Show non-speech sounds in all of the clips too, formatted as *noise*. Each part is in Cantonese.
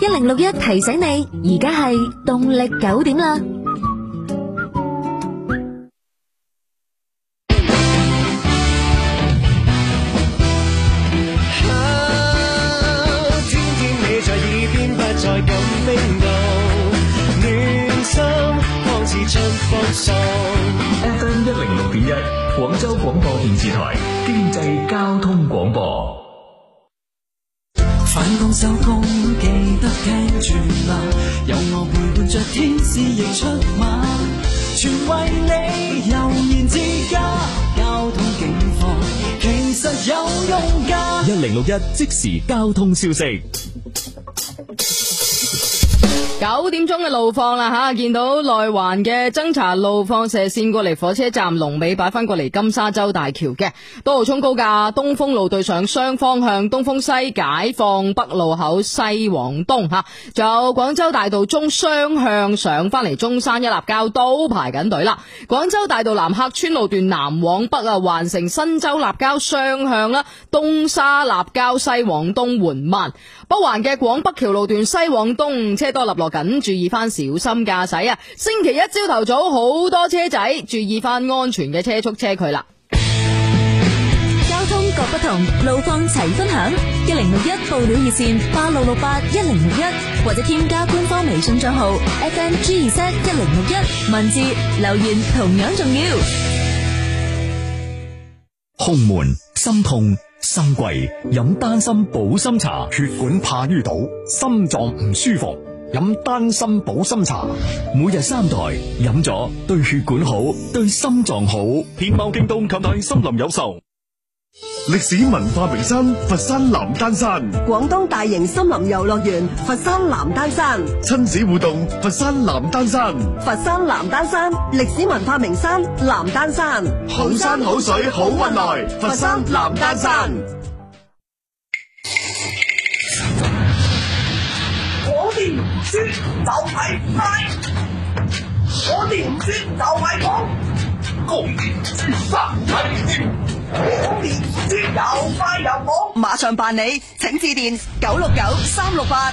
一零六一提醒你，而家係動力九點啦。交通消息。九點鐘嘅路況啦吓，見到內環嘅增槎路放射線過嚟火車站龍尾擺翻過嚟金沙洲大橋嘅，多號衝高架東風路對上雙方向東風西解放北路口西往東吓，仲有廣州大道中雙向上翻嚟中山一立交都排緊隊啦，廣州大道南客村路段南往北啊環城新洲立交雙向啦，東沙立交西往東緩慢，北環嘅廣北橋路段西往東車多立落。緊注意翻，小心駕駛啊！星期一朝頭早好多車仔，注意翻安全嘅車速車距啦。交通各不同，路況齊分享。一零六一報料熱線八六六八一零六一，8 8, 61, 或者添加官方微信賬號 FMG 二七一零六一，61, 文字留言同樣重要。胸悶心痛，心悸飲丹參、補心茶，血管怕淤堵，心臟唔舒服。飲丹參補心茶，每日三袋，飲咗對血管好，對心臟好。天貓京東及大參林有售。歷史文化名山佛山南丹山，廣東大型森林遊樂園佛山南丹山，親子互動佛山南丹山，佛山南丹山歷史文化名山南丹山，好山好水好運來，佛山南丹山。轉就係快，我哋唔轉就係廣，高年轉快睇先，老年轉又快又廣，馬上辦理，請致電九六九三六八。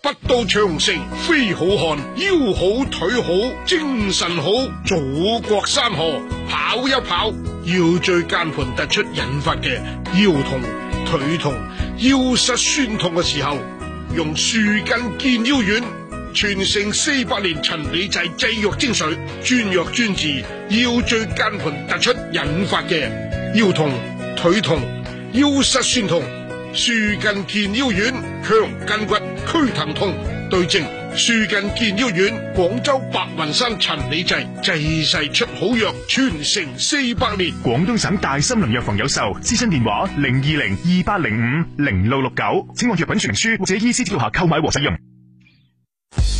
不到長城非好漢，腰好腿好精神好，祖國山河跑一跑。腰椎間盤突出引發嘅腰痛、腿痛、腰膝酸痛嘅時候，用樹根健腰丸，傳承四百年陳李濟製藥精髓，專藥專治腰椎間盤突出引發嘅腰痛、腿痛、腰膝酸痛。樹根健腰丸，強筋骨。驅疼痛對症，舒筋健腰丸，廣州白雲山陳李濟濟世出好藥，傳承四百年。廣東省大森林藥房有售，諮詢電話零二零二八零五零六六九，69，請按藥品說明書或者醫師指導下購買和使用。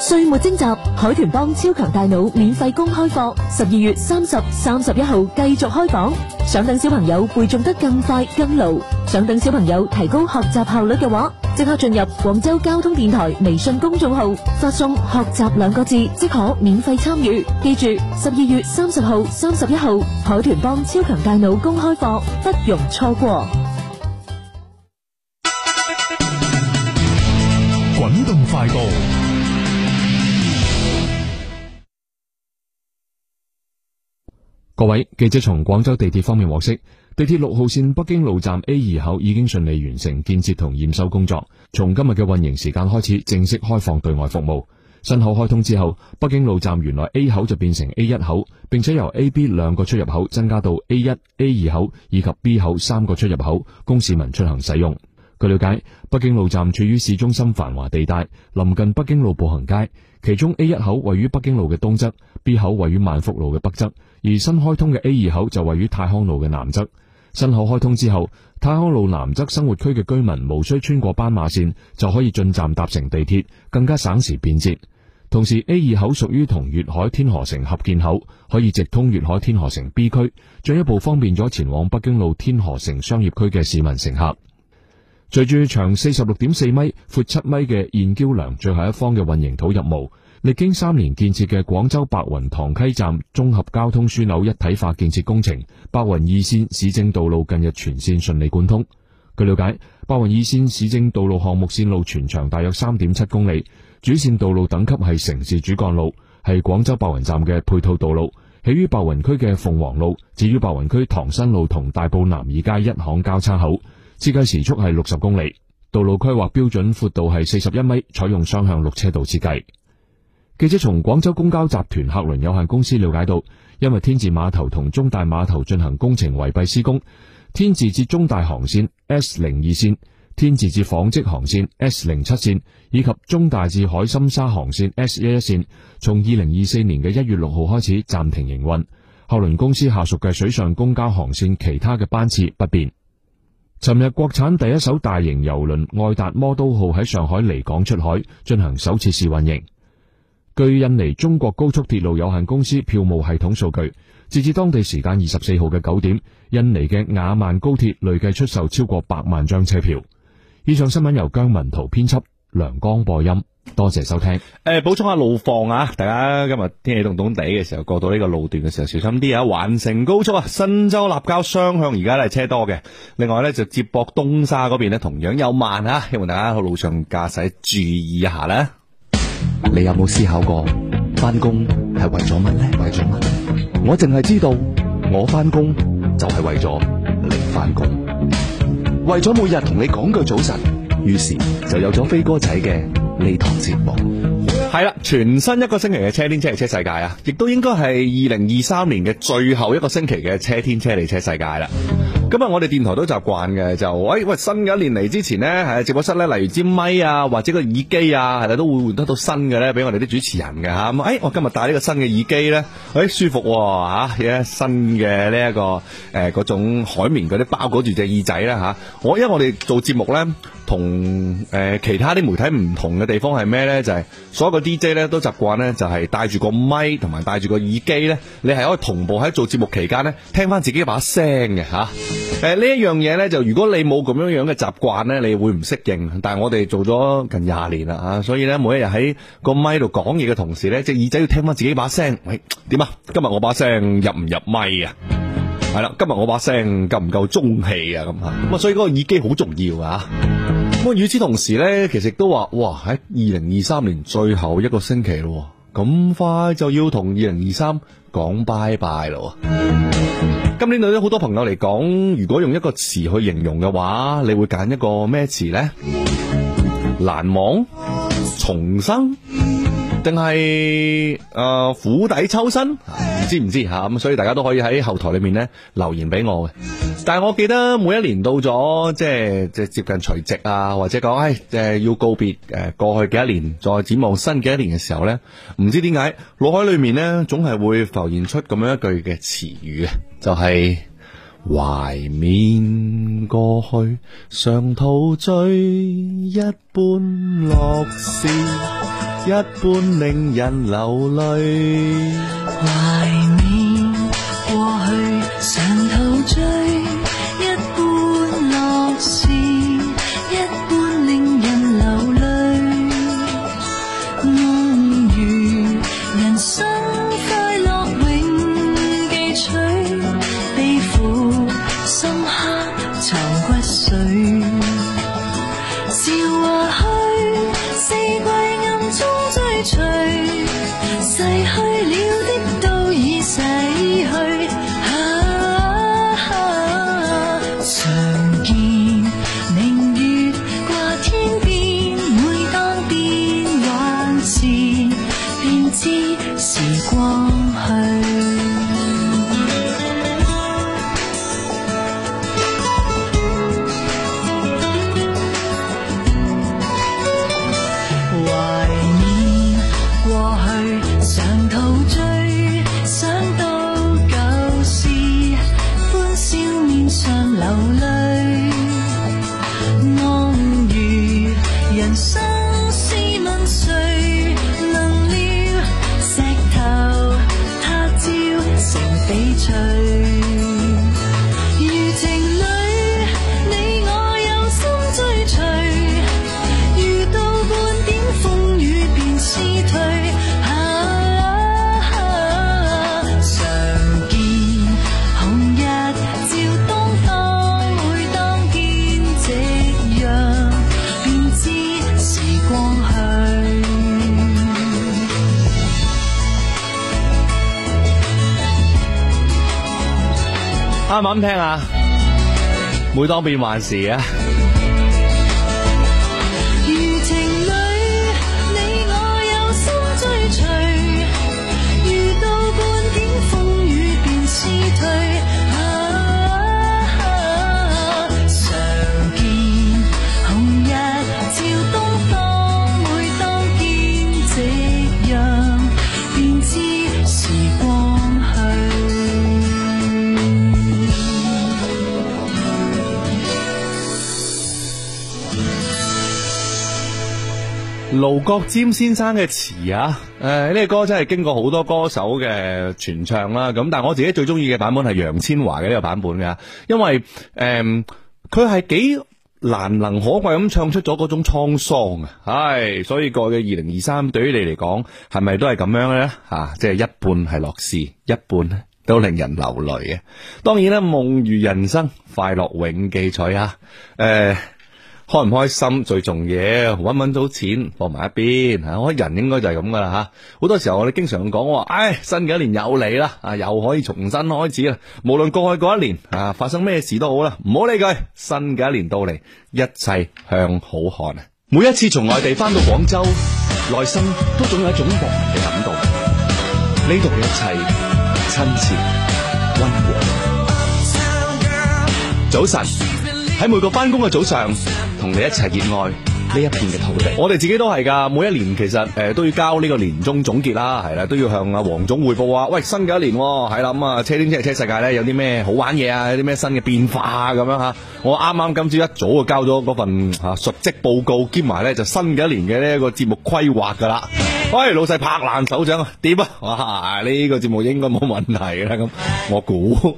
歲末徵集《海豚幫超強大腦》免費公開課，十二月三十、三十一號繼續開講。想等小朋友背誦得更快更牢，想等小朋友提高學習效率嘅話，即刻進入廣州交通電台微信公眾號，發送“學習”兩個字即可免費參與。記住，十二月三十號、三十一號《海豚幫超強大腦》公開課不容錯過。滾動快報。各位記者從廣州地鐵方面獲悉，地鐵六號綫北京路站 A 二口已經順利完成建設同驗收工作，從今日嘅運營時間開始正式開放對外服務。新口開通之後，北京路站原來 A 口就變成 A 一口，並且由 A、B 兩個出入口增加到 A 一、A 二口以及 B 口三個出入口，供市民出行使用。據了解，北京路站處於市中心繁華地帶，臨近北京路步行街。其中 A 一口位於北京路嘅東側，B 口位於萬福路嘅北側。而新開通嘅 A 二口就位於泰康路嘅南側，新口開通之後，泰康路南側生活區嘅居民無需穿過斑馬線就可以進站搭乘地鐵，更加省時便捷。同時，A 二口屬於同粵海天河城合建口，可以直通粵海天河城 B 區，進一步方便咗前往北京路天河城商業區嘅市民乘客。隨住長四十六點四米、闊七米嘅現澆梁最後一方嘅混凝土入模。歷經三年建設嘅廣州白雲棠溪站綜合交通樞紐一體化建設工程，白雲二線市政道路近日全線順利貫通。據了解，白雲二線市政道路項目線路全長大約三點七公里，主線道路等級係城市主幹路，係廣州白雲站嘅配套道路，起於白雲區嘅鳳凰路，至於白雲區棠新路同大埔南二街一巷交叉口，設計時速係六十公里，道路規劃標準闊度係四十一米，採用雙向六車道設計。記者從廣州公交集團客輪有限公司了解到，因為天字碼頭同中大碼頭進行工程圍蔽施工，天字至中大航線 S 零二線、天字至紡織航線 S 零七線以及中大至海心沙航線 S 一一線，從二零二四年嘅一月六號開始暫停營運。客輪公司下屬嘅水上公交航線其他嘅班次不變。尋日，國產第一艘大型郵輪愛達摩都號喺上海離港出海，進行首次試運營。據印尼中國高速鐵路有限公司票務系統數據，截至當地時間二十四號嘅九點，印尼嘅雅萬高鐵累計出售超過百萬張車票。以上新聞由姜文圖編輯，梁江播音。多謝收聽。誒、呃，補充下路況啊，大家今日天，天氣凍凍地嘅時候，過到呢個路段嘅時候小心啲啊。環城高速啊，新洲立交雙向而家都係車多嘅。另外咧就接駁東沙嗰邊咧同樣有慢啊，希望大家喺路上駕駛注意一下啦。你有冇思考過翻工係為咗乜呢？為咗乜？我淨係知道我翻工就係為咗你翻工，為咗每日同你講句早晨。於是就有咗飛哥仔嘅呢堂節目。係啦，全新一個星期嘅車天車地車世界啊，亦都應該係二零二三年嘅最後一個星期嘅車天車地車世界啦。今日、嗯、我哋電台都習慣嘅，就誒、哎、喂，新嘅一年嚟之前呢，係直播室呢，例如支咪啊，或者個耳機啊，係啦，都會換得到新嘅呢。俾我哋啲主持人嘅吓。咁、啊、誒、哎，我今日戴呢個新嘅耳機呢，誒、哎、舒服吓、啊，有、啊、新嘅呢一個誒嗰、啊、種海綿嗰啲包裹住隻耳仔啦吓。我、啊啊、因為我哋做節目呢，同誒、呃、其他啲媒體唔同嘅地方係咩呢？就係、是、所有個 DJ 呢，都習慣呢，就係戴住個咪同埋戴住個耳機呢。你係可以同步喺做節目期間呢，聽翻自己把聲嘅吓。啊誒，呢、呃、一樣嘢咧，就如果你冇咁樣樣嘅習慣咧，你會唔適應。但係我哋做咗近廿年啦吓、啊，所以咧每一日喺個咪度講嘢嘅同時咧，隻耳仔要聽翻自己把聲。喂，點啊？今日我把聲入唔入咪啊？係啦，今日我把聲夠唔夠中氣啊？咁咁啊，所以嗰個耳機好重要啊。咁啊，與此同時咧，其實都話哇，喺二零二三年最後一個星期咯，咁快就要同二零二三。講拜拜 e 咯，今年對於好多朋友嚟講，如果用一個詞去形容嘅話，你會揀一個咩詞呢？難忘，重生。定係誒，釜、呃、底抽薪，唔、啊、知唔知吓？咁、啊、所以大家都可以喺後台裏面咧留言俾我嘅。但係我記得每一年到咗，即係即係接近除夕啊，或者講誒、哎呃、要告別誒、呃、過去嘅一年，再展望新嘅一年嘅時候呢，唔知點解，腦海裏面呢，總係會浮現出咁樣一句嘅詞語嘅，就係懷緬過去，常陶醉一般樂事，一般令人流淚。聽啊，每當變幻時啊。盧國沾先生嘅詞啊，誒、呃，呢、這個歌真係經過好多歌手嘅傳唱啦。咁，但我自己最中意嘅版本係楊千嬅嘅呢個版本嘅，因為誒，佢、呃、係幾難能可貴咁唱出咗嗰種滄桑啊。係、哎，所以過嘅二零二三，對於你嚟講，係咪都係咁樣咧？吓，即係一半係樂事，一半咧都令人流淚嘅、啊。當然啦，夢如人生，快樂永記取啊。誒、呃。開唔開心最重要，搵唔搵到錢放埋一邊，我人應該就係咁噶啦吓。好多時候我哋經常講，我話，哎，新嘅一年又嚟啦，啊，又可以重新開始啦。無論過去嗰一年啊發生咩事都好啦，唔好理佢。新嘅一年到嚟，一切向好看。每一次從外地返到廣州，內心都總有一種莫名嘅感動。呢度嘅一切親切溫和。早晨。喺每個返工嘅早上，同你一齊熱愛呢一片嘅土地。 *music* 我哋自己都係噶，每一年其實誒、呃、都要交呢個年終總結啦，係啦，都要向阿黃總匯報啊。喂，新嘅一年係、哦、啦，咁啊、嗯、車天車車世界咧有啲咩好玩嘢啊？有啲咩新嘅變化啊，咁樣吓。我啱啱今朝一早就交咗嗰份啊述職報告，兼埋咧就新嘅一年嘅呢個節目規劃噶啦。喂，老細拍爛手掌，啊，點啊？哇，呢、這個節目應該冇問題啦，咁我估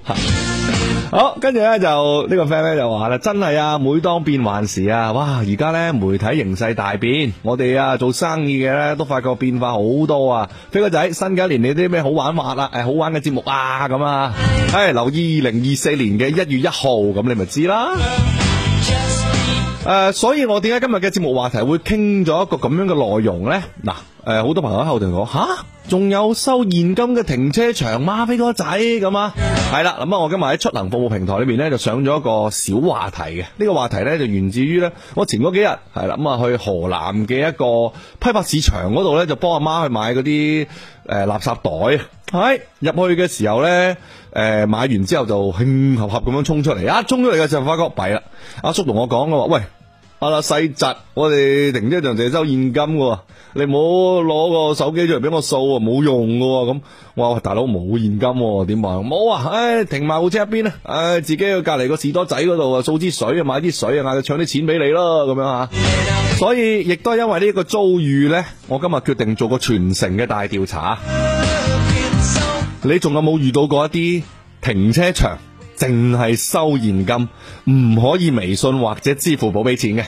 好，跟住咧就呢、這個 friend 咧就話啦，真係啊，每當變幻時啊，哇！而家咧媒體形勢大變，我哋啊做生意嘅咧都發覺變化好多啊。飛哥仔，新嘅一年你啲咩好玩法啦？誒，好玩嘅節目啊咁啊，誒、哎，留意二零二四年嘅一月一號咁，你咪知啦。誒、呃，所以我點解今日嘅節目話題會傾咗一個咁樣嘅內容咧？嗱、呃，誒，好多朋友喺後台講，吓？仲有收現金嘅停車場嗎？飛哥仔咁啊，係啦，咁啊，我今日喺出行服務平台裏邊咧就上咗一個小話題嘅，呢、呢個話題咧就源自於咧，我前嗰幾日係啦，咁啊去河南嘅一個批發市場嗰度咧就幫阿媽，媽去買嗰啲誒垃圾袋啊，喺入是去嘅時候咧誒、呃、買完之後就興合合咁樣衝出嚟，一、啊、衝出嚟嘅時候發覺弊啦，阿、啊、叔同我講嘅話，喂。啊啦細侄，我哋停車場淨係收現金嘅，你唔好攞個手機出嚟俾我掃啊，冇用嘅。咁我話大佬冇現金點辦？冇、哎、啊，唉停埋部車一邊啦，唉、哎、自己去隔籬個士多仔嗰度啊，掃支水啊，買啲水啊，嗌佢搶啲錢俾你咯，咁樣啊，所以亦都係因為呢個遭遇咧，我今日決定做個全城嘅大調查。你仲有冇遇到過一啲停車場？淨係收現金，唔可以微信或者支付寶俾錢嘅。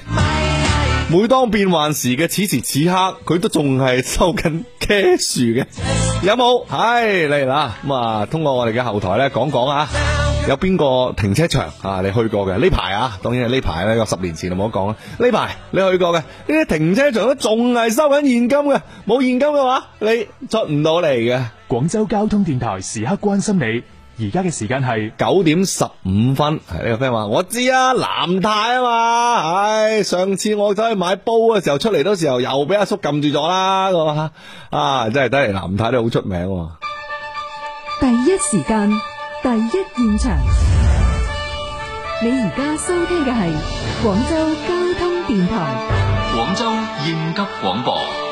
每當變幻時嘅此時此刻，佢都仲係收緊 cash 嘅。有冇？係嚟啦，咁啊，通過我哋嘅後台咧，講講啊，有邊個停車場啊，你去過嘅呢排啊，當然係呢排啦，十年前就唔好講啦。呢排你去過嘅呢啲停車場都仲係收緊現金嘅，冇現金嘅話，你出唔到嚟嘅。廣州交通電台，時刻關心你。而家嘅時間係九點十五分，係呢個 friend 話我知啊，南太啊嘛，唉、哎，上次我走去買煲嘅時候出嚟，嘅時候又俾阿叔撳住咗啦，咁啊，啊，真係睇嚟，南太都好出名。第一時間，第一現場，你而家收聽嘅係廣州交通電台，廣州應急廣播。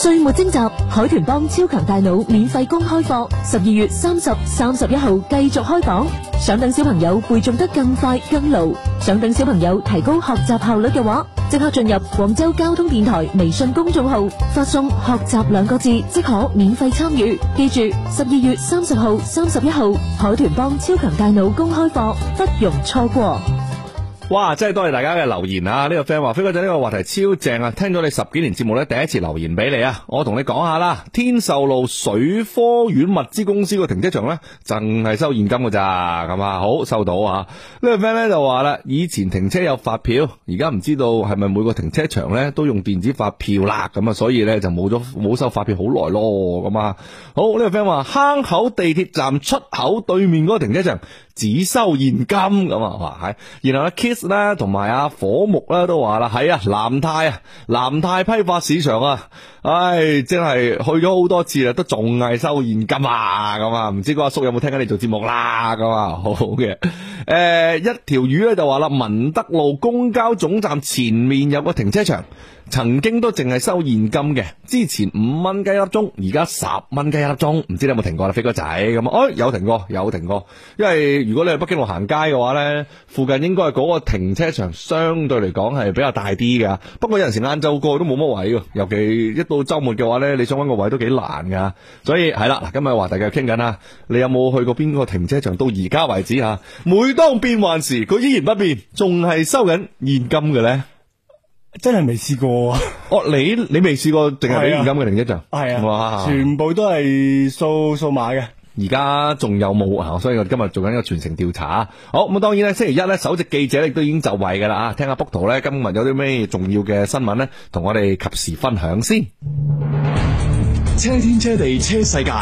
歲末徵集《海豚幫超強大腦》免費公開課，十二月三十、三十一號繼續開講。想等小朋友背誦得更快更牢，想等小朋友提高學習效率嘅話，即刻進入廣州交通電台微信公眾號，發送“學習”兩個字即可免費參與。記住，十二月三十號、三十一號《海豚幫超強大腦》公開課，不容錯過。哇，真係多謝大家嘅留言啊！呢、這個 friend 話飛哥仔呢、這個話題超正啊，聽咗你十幾年節目呢，第一次留言俾你啊！我同你講下啦，天秀路水科院物資公司個停車場呢，淨係收現金㗎咋，咁啊，好收到啊！這個、朋友呢個 friend 咧就話啦，以前停車有發票，而家唔知道係咪每個停車場呢都用電子發票啦，咁啊，所以呢就冇咗冇收發票好耐咯，咁啊，好呢、這個 friend 話坑口地鐵站出口對面嗰個停車場。只收現金咁啊，哇！然後咧，Kiss 啦，同埋阿火木啦，都話啦，喺啊南泰啊，南泰批發市場啊，唉、哎，真係去咗好多次啦，都仲係收現金啊，咁啊，唔知嗰阿叔有冇聽緊你做節目啦，咁啊，好好嘅，誒、嗯、一條魚咧就話啦，文德路公交總站前面有個停車場。曾經都淨係收現金嘅，之前五蚊雞粒鐘，而家十蚊雞粒鐘，唔知你有冇停過啦，飛哥仔咁啊？哎，有停過，有停過，因為如果你喺北京路行街嘅話呢，附近應該係嗰個停車場相對嚟講係比較大啲㗎。不過有陣時晏晝過都冇乜位嘅，尤其一到周末嘅話呢，你想搵個位都幾難噶。所以係啦，今日話大家傾緊啊，你有冇去過邊個停車場？到而家為止啊，每當變幻時，佢依然不變，仲係收緊現金嘅呢。真係未試過，啊，哦！你你未試過，淨係俾現金嘅另一樣就？係啊，全部都係數數碼嘅。而家仲有冇啊？所以我今日做緊一個全程調查。好，咁當然啦，星期一咧，首席記者亦都已經就位噶啦啊！聽下幅圖咧，今日有啲咩重要嘅新聞咧，同我哋及時分享先。車天車地車世界，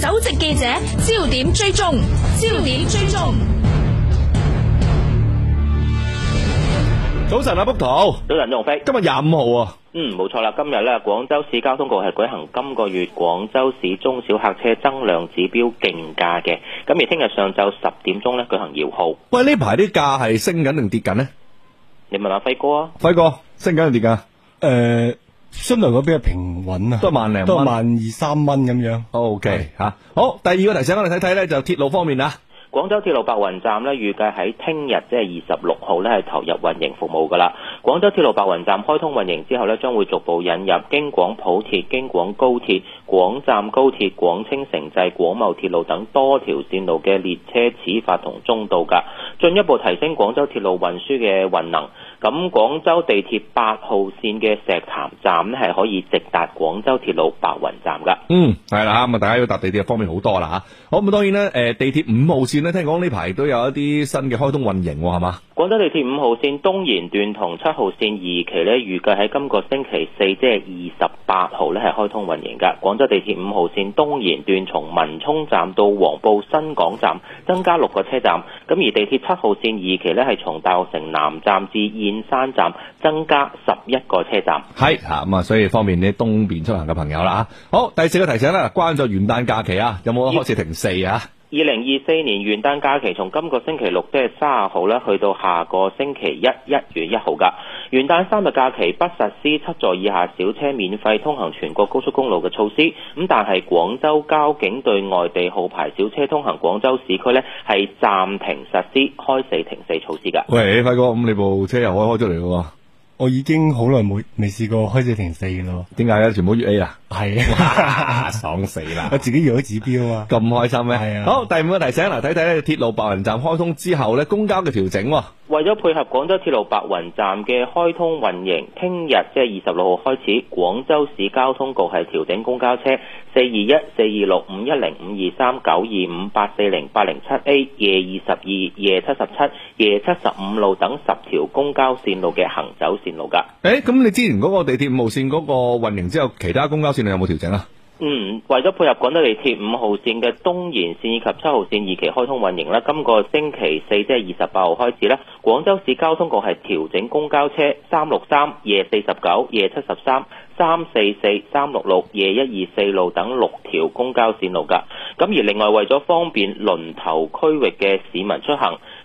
首席記者焦點追蹤，焦點追蹤。早晨，阿卜頭。早晨，楊飛。今日廿五號啊。嗯，冇錯啦。今日咧，廣州市交通局係舉行今個月廣州市中小客車增量指標競價嘅，咁而聽日上晝十點鐘咧，舉行搖號。喂，呢排啲價係升緊定跌緊咧？你問下輝哥啊。輝哥，升緊定跌緊啊？誒，相對講比較平穩啊，都萬零，都萬二三蚊咁樣。OK，吓，好。第二個提醒我哋睇睇咧，就鐵路方面啊。廣州鐵路白雲站咧，預計喺聽日，即係二十六號咧，係投入運營服務噶啦。廣州鐵路白雲站開通運營之後咧，將會逐步引入京廣普鐵、京廣高鐵、廣湛高鐵、廣清城際、廣茂鐵路等多條線路嘅列車始發同終到，噶進一步提升廣州鐵路運輸嘅運能。咁廣州地鐵八號線嘅石潭站咧，係可以直達廣州鐵路白雲站噶。嗯，係啦，咁啊，大家要搭地鐵方便好多啦嚇。好咁，當然呢，誒地鐵五號線咧，聽講呢排都有一啲新嘅開通運營係嘛？廣州地鐵五號線東延段同七號線二期呢，預計喺今個星期四，即係二十八號呢係開通運營噶。廣州地鐵五號線東延段從文沖站到黃埔新港站，增加六個車站。咁而地鐵七號線二期呢係從大學城南站至燕山站增加十一個車站，係吓，咁啊，所以方便啲東邊出行嘅朋友啦吓。好，第四個提醒啦，關咗元旦假期啊，有冇開始停四啊？二零二四年元旦假期從今個星期六，即係三十號咧，去到下個星期一，一月一號噶。元旦三日假期不實施七座以下小車免費通行全國高速公路嘅措施，咁但係廣州交警對外地號牌小車通行廣州市區呢，係暫停實施開四停四措施噶。喂，輝哥，咁你部車又可以開出嚟咯？我已經好耐冇未試過開始停四咯，點解咧？全部越 A 啊！係， *laughs* 爽死啦！ *laughs* 我自己要咗指標啊，咁開心咩？係 *laughs* 啊。好，第五個提醒，嗱，睇睇呢鐵路白雲站開通之後呢，公交嘅調整。為咗配合廣州鐵路白雲站嘅開通運營，聽、就是、日即係二十六號開始，廣州市交通局係調整公交車。四二一、四二六、五一零、五二三、九二五、八四零、八零七 A、夜二十二、夜七十七、夜七十五路等十條公交線路嘅行走線路㗎、哎。誒、嗯、咁、嗯、你之前嗰個地鐵五號線嗰個運營之後，其他公交線路有冇調整啊？嗯，為咗配合廣州地鐵五號線嘅東延線以及七號線二期開通運營咧，今個星期四即係二十八號開始咧，廣州市交通局係調整公交車三六三、夜四十九、夜七十三、三四四、三六六、夜一二四路等六條公交線路噶。咁而另外為咗方便崙頭區域嘅市民出行。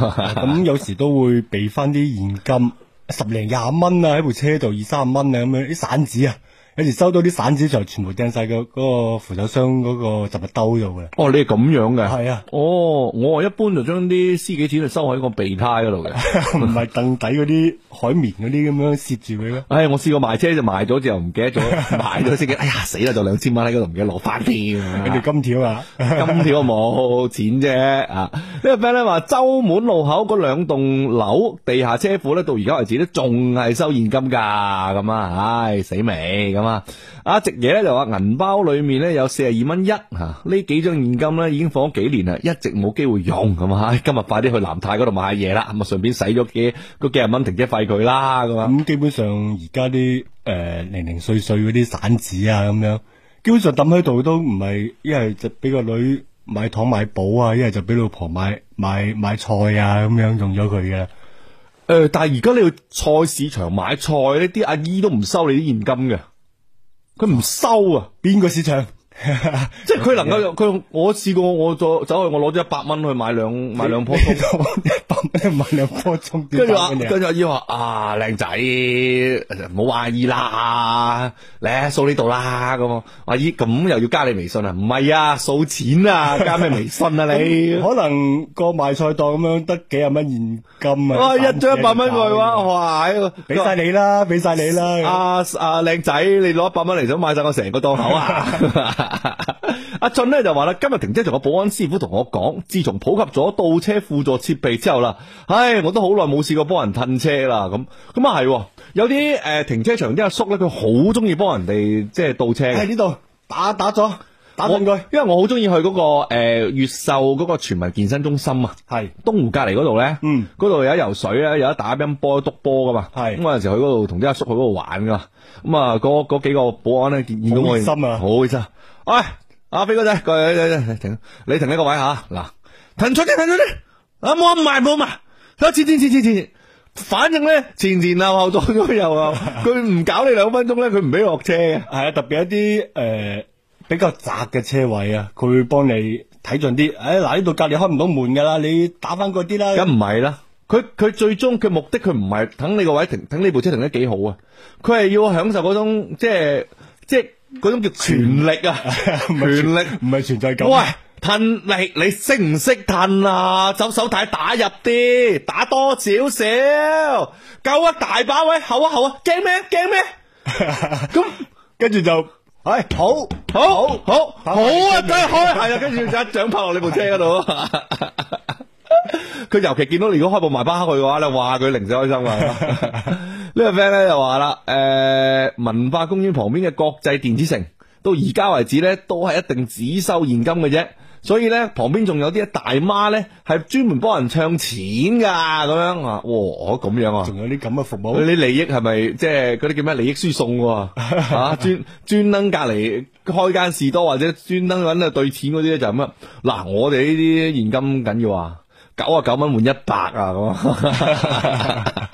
咁、 *laughs* *laughs* 啊、有時都會俾翻啲現金，十零廿蚊啊，喺部車度二三十蚊啊，咁樣啲散紙啊。有時收到啲散紙就全部掟晒個嗰扶手箱嗰個雜物兜度嘅。哦，你係咁樣嘅。係啊。哦，我一般就將啲私己錢就收喺個備胎嗰度嘅，唔係凳底嗰啲海綿嗰啲咁樣攝住佢咯。哎，我試過賣車賣就賣咗，就唔 *laughs* 記得咗賣咗私己。哎呀，死啦！就兩千蚊喺嗰度唔記得攞翻添。你金條啊？ *laughs* 金條冇錢啫。啊，呢、呢個 friend 咧話周滿路口嗰兩棟樓地下車庫咧，到而家為止咧仲係收現金㗎。咁啊，唉、哎、死未咁啊！阿直嘢，咧，就話銀包裏面咧有四十二蚊一吓呢、啊、幾張現金咧已經放咗幾年啦，一直冇機會用咁啊。今日快啲去南泰嗰度買下嘢啦，咁啊，順便使咗嘅嗰幾廿蚊，幾十停車費佢啦。咁啊，咁基本上而家啲誒，零零碎碎嗰啲散紙啊，咁樣基本上抌喺度都唔係，一係就俾個女買糖買寶啊，一係就俾老婆買買買菜啊，咁樣用咗佢嘅誒。但係而家你去菜市場買菜呢啲阿姨都唔收你啲現金嘅。佢唔收啊，邊個市場？ *laughs* 即係佢能夠，佢 *music* 我試過我再走去，我攞咗一百蚊去買兩 *music* 買兩棵葱，一百蚊買兩棵葱。跟住話跟住阿姨話啊，靚仔唔好懷疑啦，嚟掃呢度啦咁。阿姨咁又要加你微信啊？唔係啊，掃錢啊，加咩微信啊 *laughs* 你、嗯？可能個賣菜檔咁樣得幾廿蚊現金啊？哇、啊，一張一百蚊去哇，哇，俾晒你啦，俾晒你啦。阿阿靚仔，你攞一百蚊嚟想買晒我成個檔口啊？ *laughs* 阿、 *laughs* 啊、俊咧就話啦：今日停車場嘅保安師傅同我講，自從普及咗倒車輔助設備之後啦，唉，我都好耐冇試過幫人褪車啦。咁咁啊係，有啲誒、呃、停車場啲阿叔咧，佢好中意幫人哋，即係倒車喺呢度，打打咗。因為我好中意去嗰個誒，越秀嗰個全民健身中心啊，係東湖隔籬嗰度咧，嗯，嗰度有得游水啊，有得打乒波、督波噶嘛，係咁嗰陣時去嗰度同啲阿叔去嗰度玩噶，咁啊，嗰嗰幾個保安咧見到我，好開心啊，好開心。喂，阿飛哥仔，佢佢停，你停一個位吓，嗱，停左啲，停左啲，啊冇唔係，冇埋，多前前前前前，反正咧前前後後都都有啊。佢唔搞你兩分鐘咧，佢唔俾落車嘅。係啊，特別一啲誒。比較窄嘅車位啊，佢會幫你睇盡啲。哎，嗱呢度隔籬開唔到門噶啦，你打翻嗰啲啦。梗唔係啦，佢佢最終佢目的佢唔係等你個位停，等呢部車停得幾好啊。佢係要享受嗰種即係即係嗰種叫權力啊，權力唔係存在感。喂，褪力你識唔識褪啊？走手帶打入啲，打多少少？夠啊大把位，好啊好啊，驚咩驚咩？咁 *laughs* 跟住就。哎，好好好好好啊！梗係開，係 *laughs* 啊，跟住就一掌拍落你部車嗰度。佢尤其見到你如果開部埋巴去嘅話，你話佢零舍開心啊！呢 *laughs* *laughs* 個 friend 咧就話啦，誒、呃，文化公園旁邊嘅國際電子城到而家為止咧，都係一定只收現金嘅啫。所以咧，旁邊仲有啲大媽咧，係專門幫人唱錢噶咁樣啊！哇，我咁樣啊，仲有啲咁嘅服務，嗰啲利益係咪即係嗰啲叫咩利益輸送？啊，專專登隔籬開間士多或者專登搵啊兌錢嗰啲咧就咁啦。嗱，我哋呢啲現金緊要啊，九啊九蚊換一百啊咁。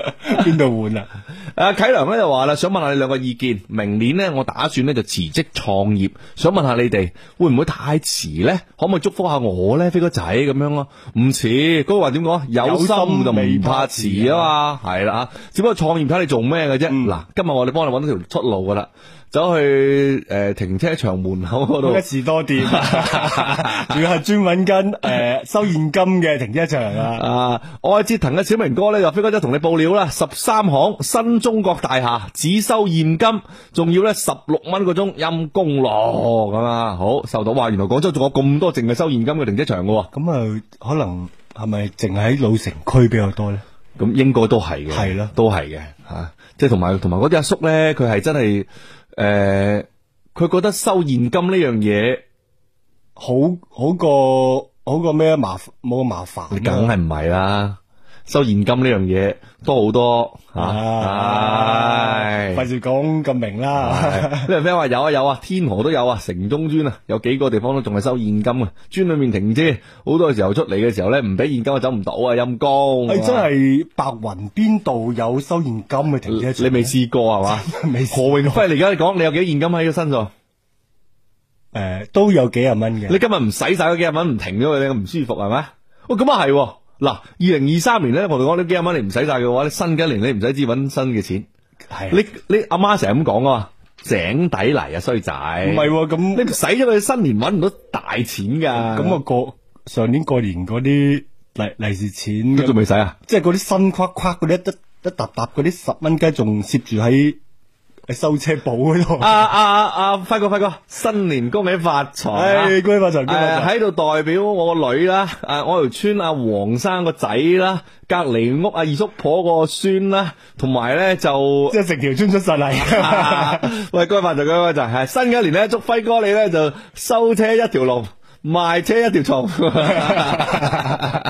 *laughs* *laughs* 邊度換啊？阿啟良咧就話啦，想問下你兩個意見。明年咧，我打算咧就辭職創業，想問下你哋會唔會太遲咧？可唔可以祝福下我咧，飛哥仔咁樣咯？唔遲，嗰個話點講？有心就未怕遲啊嘛。係、嗯、啦吓，只不過創業睇你做咩嘅啫。嗱、嗯，今日我哋幫你搵到條出路噶啦。走去誒、呃、停車場門口嗰度，士多店，仲要係專揾緊誒收現金嘅停車場啊！啊，愛折騰嘅小明哥咧，就飛哥就同你報料啦。十三行，新中國大廈只收現金，仲要咧十六蚊個鐘陰公咯，咁啊好收到話！原來廣州仲有咁多淨係收現金嘅停車場噶、啊，咁啊、嗯嗯嗯、可能係咪淨係喺老城區比較多咧？咁應該都係嘅，係咯的，都係嘅吓，即係同埋同埋嗰啲阿叔咧，佢係真係。誒，佢，呃，覺得收現金呢樣嘢好好過好過咩麻冇咁麻煩，啊，你梗係唔係啦？收現金呢樣嘢多好多吓，係費事講咁明啦。咩 friend 話有啊有啊，天河都有啊，城中村啊，有幾個地方都仲係收現金啊。村裏面停車好多時候出嚟嘅時候咧，唔俾現金我走唔到啊，陰公。誒，真係白雲邊度有收現金嘅停車場你未試過係嘛？未 *laughs* 何永輝浪，你而家講你有幾多現金喺個身上？誒、呃，都有幾廿蚊嘅。你今日唔使晒嗰幾廿蚊唔停咗，你唔舒服係咪？哦，咁啊係。嗱，二零二三年咧，我哋講你幾廿蚊你唔使晒嘅話，你新嘅一年你唔使知揾新嘅錢。係啊。你你阿媽成日咁講啊，井底嚟啊衰仔。唔係喎，咁你使咗去新年揾唔到大錢㗎。咁啊過上年過年嗰啲利利是錢，都仲未使啊？即係嗰啲新框框嗰啲一一一沓沓嗰啲十蚊雞，仲攝住喺收車寶嗰度，啊啊啊，輝哥輝哥，新年恭喜發財，恭喜發財，喺度、啊啊、代表我個女啦，誒、啊、我條村阿黃生個仔啦，隔、啊、籬、啊、屋阿二叔婆個孫啦，同埋咧就即係成條村出晒嚟，喂，恭喜發財，恭喜發財，係、啊、新嘅一年咧祝輝哥你咧就收車一條龍，賣車一條蟲。 *laughs* *laughs*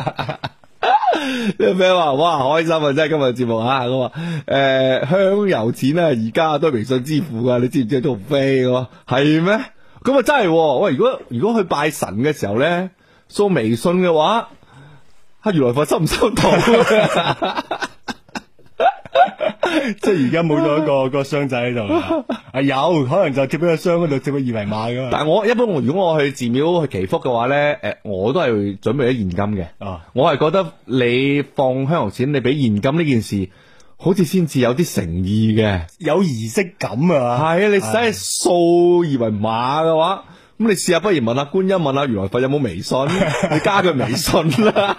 咩話哇，開心啊，真係今日節目吓，佢話誒，香油錢啊而家都係微信支付噶，你知唔知做飛、啊？係、啊、咩？咁啊真係，喂、啊、如果如果去拜神嘅時候咧，掃微信嘅話，阿、啊、如來佛收唔收到、啊？ *laughs* *laughs* 即係而家冇咗一個個箱仔喺度。啊，有可能就貼喺個箱嗰度，貼個二維碼噶。但係我一般如果我去寺廟去祈福嘅話咧，誒，我都係準備咗現金嘅。啊，我係覺得你放香油錢，你俾現金呢件事，好似先至有啲誠意嘅，有儀式感啊。係啊，你使係掃二維碼嘅話，咁你試下，不如問下觀音，問下如來佛有冇微信，你加佢微信啦。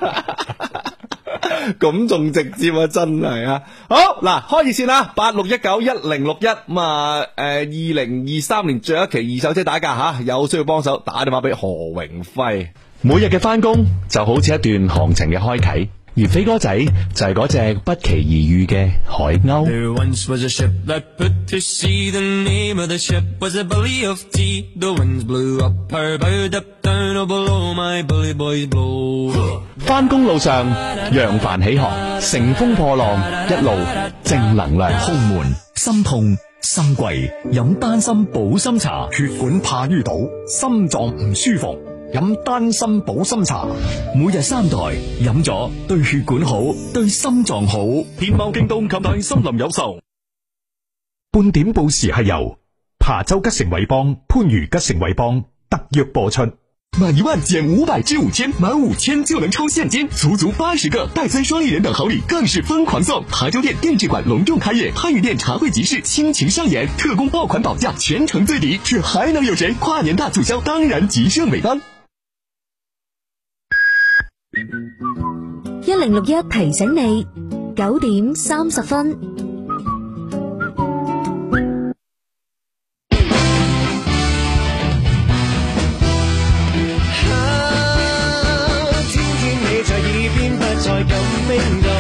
咁仲直接啊，真係啊！好嗱，開熱線啊，八六一九一零六一咁啊，誒，二零二三年最後一期二手車打價吓，有需要幫手打電話俾何榮輝。每日嘅返工就好似一段行程嘅開啟。而飛哥仔就係嗰隻不期而遇嘅海鷗。翻工路上揚帆起航，乘風破浪，一路正能量充滿。心痛心悸，飲丹心補心茶，血管怕淤堵，心臟唔舒服。飲丹參保心茶，每日三袋，飲咗對血管好，對心臟好。天貓京東琴日森林有售。半點報時係由琶洲吉盛偉邦、番禺吉盛偉邦特約播出。買一萬減五百至五千，滿五千就能抽現金，足足八十個戴森雙立人等好禮，更是瘋狂送。琶洲店定製館隆重開業，番禺店茶會集市傾情上演，特供爆款保價，全城最低，卻還能有誰？跨年大促銷，當然吉盛偉邦。一零六一提醒你，九點三十分。天天你在耳邊，不再有冰凍，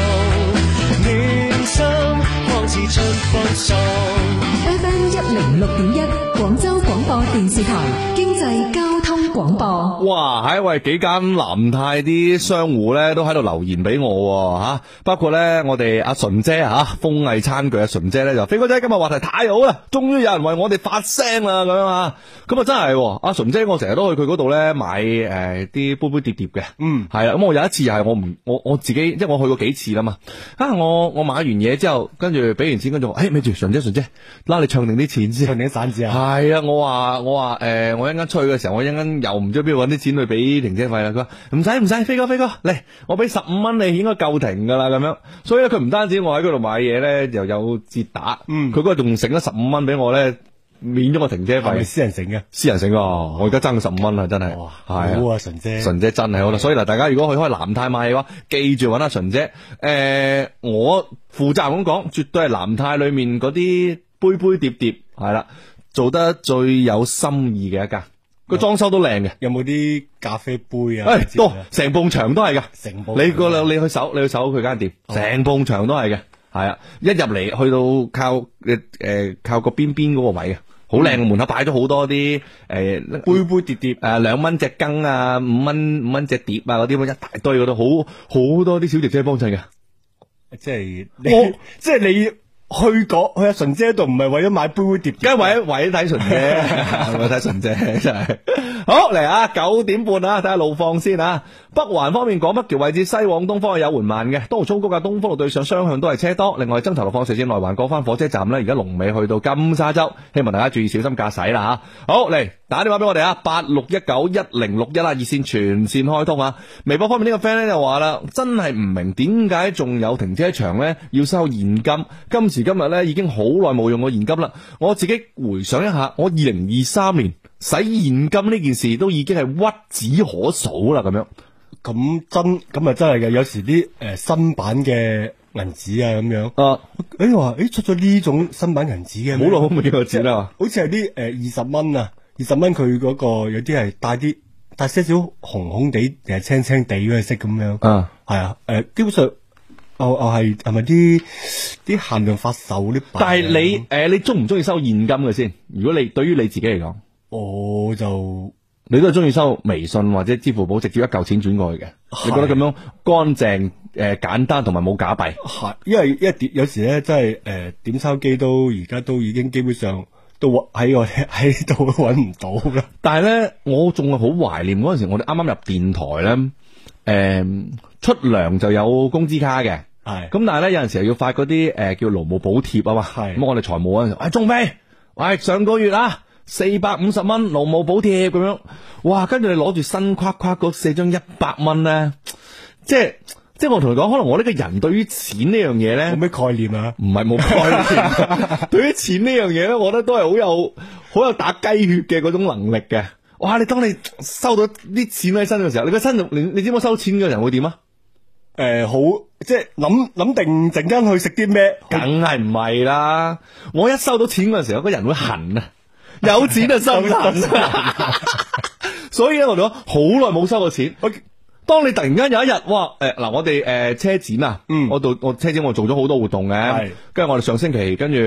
暖心，光似出芳蹤。FM 一零六點一，廣州廣播電視台。哇，係一位幾間南泰啲商戶咧都喺度留言俾我吓，包括咧我哋阿純姐吓，風藝餐具啊，純姐咧就，飛哥仔今日話題太好啦，終於有人為我哋發聲啦，咁樣啊，咁啊真係，阿純姐我成日都去佢嗰度咧買誒啲杯杯碟碟嘅，嗯，係啊，咁我有一次又係我唔，我我，我自己，即係我去過幾次啦嘛，啊我我買完嘢之後，跟住俾完錢跟住，誒咪住純姐純姐，拉你唱定啲錢先，唱定啲散紙啊，係啊，我話我話誒、呃，我一陣間出去嘅時候，我一陣間又唔知邊度搵。啲錢去俾停車費啦，佢話唔使唔使，飛哥飛哥嚟，我俾十五蚊你應該夠停，應該夠停噶啦咁樣。所以咧，佢唔單止我喺嗰度買嘢咧，又有折打，嗯，佢嗰日仲剩咗十五蚊俾我咧，免咗我停車費。是是私人性嘅，私人性喎，哦、我而家爭十五蚊啊，真係，係啊，純姐，純姐真係好啦。啊、所以嗱，大家如果去開南泰買嘢嘅話，記住搵阿純姐。誒，我負責咁講，絕對係南泰裏面嗰啲杯杯碟碟係啦，做得最有心意嘅一家。個裝修都靚嘅，有冇啲咖啡杯啊？誒，多成埲牆都係噶，你個你去搜，你去搜佢間店，成埲牆都係嘅，係啊，一入嚟去到靠誒誒靠個邊邊嗰個位啊，好靚嘅門口擺咗好多啲誒杯杯碟碟，誒兩蚊隻羹啊，五蚊五蚊隻碟啊，嗰啲咁一大堆嗰度，好好多啲小姐姐幫襯噶，即係你即係你。去過去阿純姐度唔係為咗買杯碟，嘅，係為咗為咗睇純姐，係咪睇純姐真係 *laughs* *laughs* 好嚟啊！九點半啊，睇下路況先啊！北環方面港北橋位置西往東方係有緩慢嘅，東中高嘅東方路對上雙向都係車多。另外係增槎路況，四線內環過翻火車站咧，而家龍尾去到金沙洲，希望大家注意小心駕駛啦！吓好嚟。打電話俾我哋啊，八六一九一零六一啊，熱線全線開通啊！微博方面、這個、呢個 friend 咧就話啦，真係唔明點解仲有停車場咧要收現金，今時今日咧已經好耐冇用過現金啦。我自己回想一下，我二零二三年使現金呢件事都已經係屈指可數啦。咁樣，咁真咁啊真係嘅，有時啲誒新版嘅銀紙啊咁樣。啊，哎話、欸，哎、欸、出咗呢種新版銀紙嘅，好耐冇見過錢啊， *laughs* 好似係啲誒二十蚊啊。二十蚊佢嗰個有啲係帶啲帶少少紅紅地定係青青地嗰個色咁樣，係、嗯、啊，誒、呃，基本上，哦哦係係咪啲啲限量發售啲幣、啊、但係你誒、呃，你中唔中意收現金嘅先？如果你對於你自己嚟講，我就你都係中意收微信或者支付寶直接一嚿錢轉過去嘅，啊、你覺得咁樣乾淨誒、呃、簡單同埋冇假幣？係、啊，因為因為有時咧，即係誒點鈔機都而家都已經基本上。都喺我喺度揾唔到噶，但係咧，我仲係好懷念嗰陣時，我哋啱啱入電台咧，誒、呃，出糧就有工資卡嘅，係的，咁但係咧，有陣時又要發嗰啲誒叫勞務補貼啊嘛，係的，咁我哋財務嗰陣時，哎仲未，哎上個月啊四百五十蚊勞務補貼咁樣，哇，跟住你攞住新框框嗰四張一百蚊咧，即係。即係我同你講，可能我呢個人對於錢呢樣嘢咧，冇咩概念啊？唔係冇概念， *laughs* *laughs* 對於錢呢樣嘢咧，我覺得都係好有好有打雞血嘅嗰種能力嘅。哇！你當你收到啲錢喺身嘅時候，你個身你你知唔知收錢嘅人會點啊？誒、呃，好即係諗諗定，陣間去食啲咩？梗係唔係啦！嗯、我一收到錢嗰陣時候，有個人會痕啊！有錢就收、 *laughs* 嗯、 *laughs* 所以咧，我哋講好耐冇收過錢。當你突然間有一日，哇！誒嗱、欸，我哋誒、呃、車展啊，嗯、我度，我車展我做咗好多活動嘅，跟住是我哋上星期跟住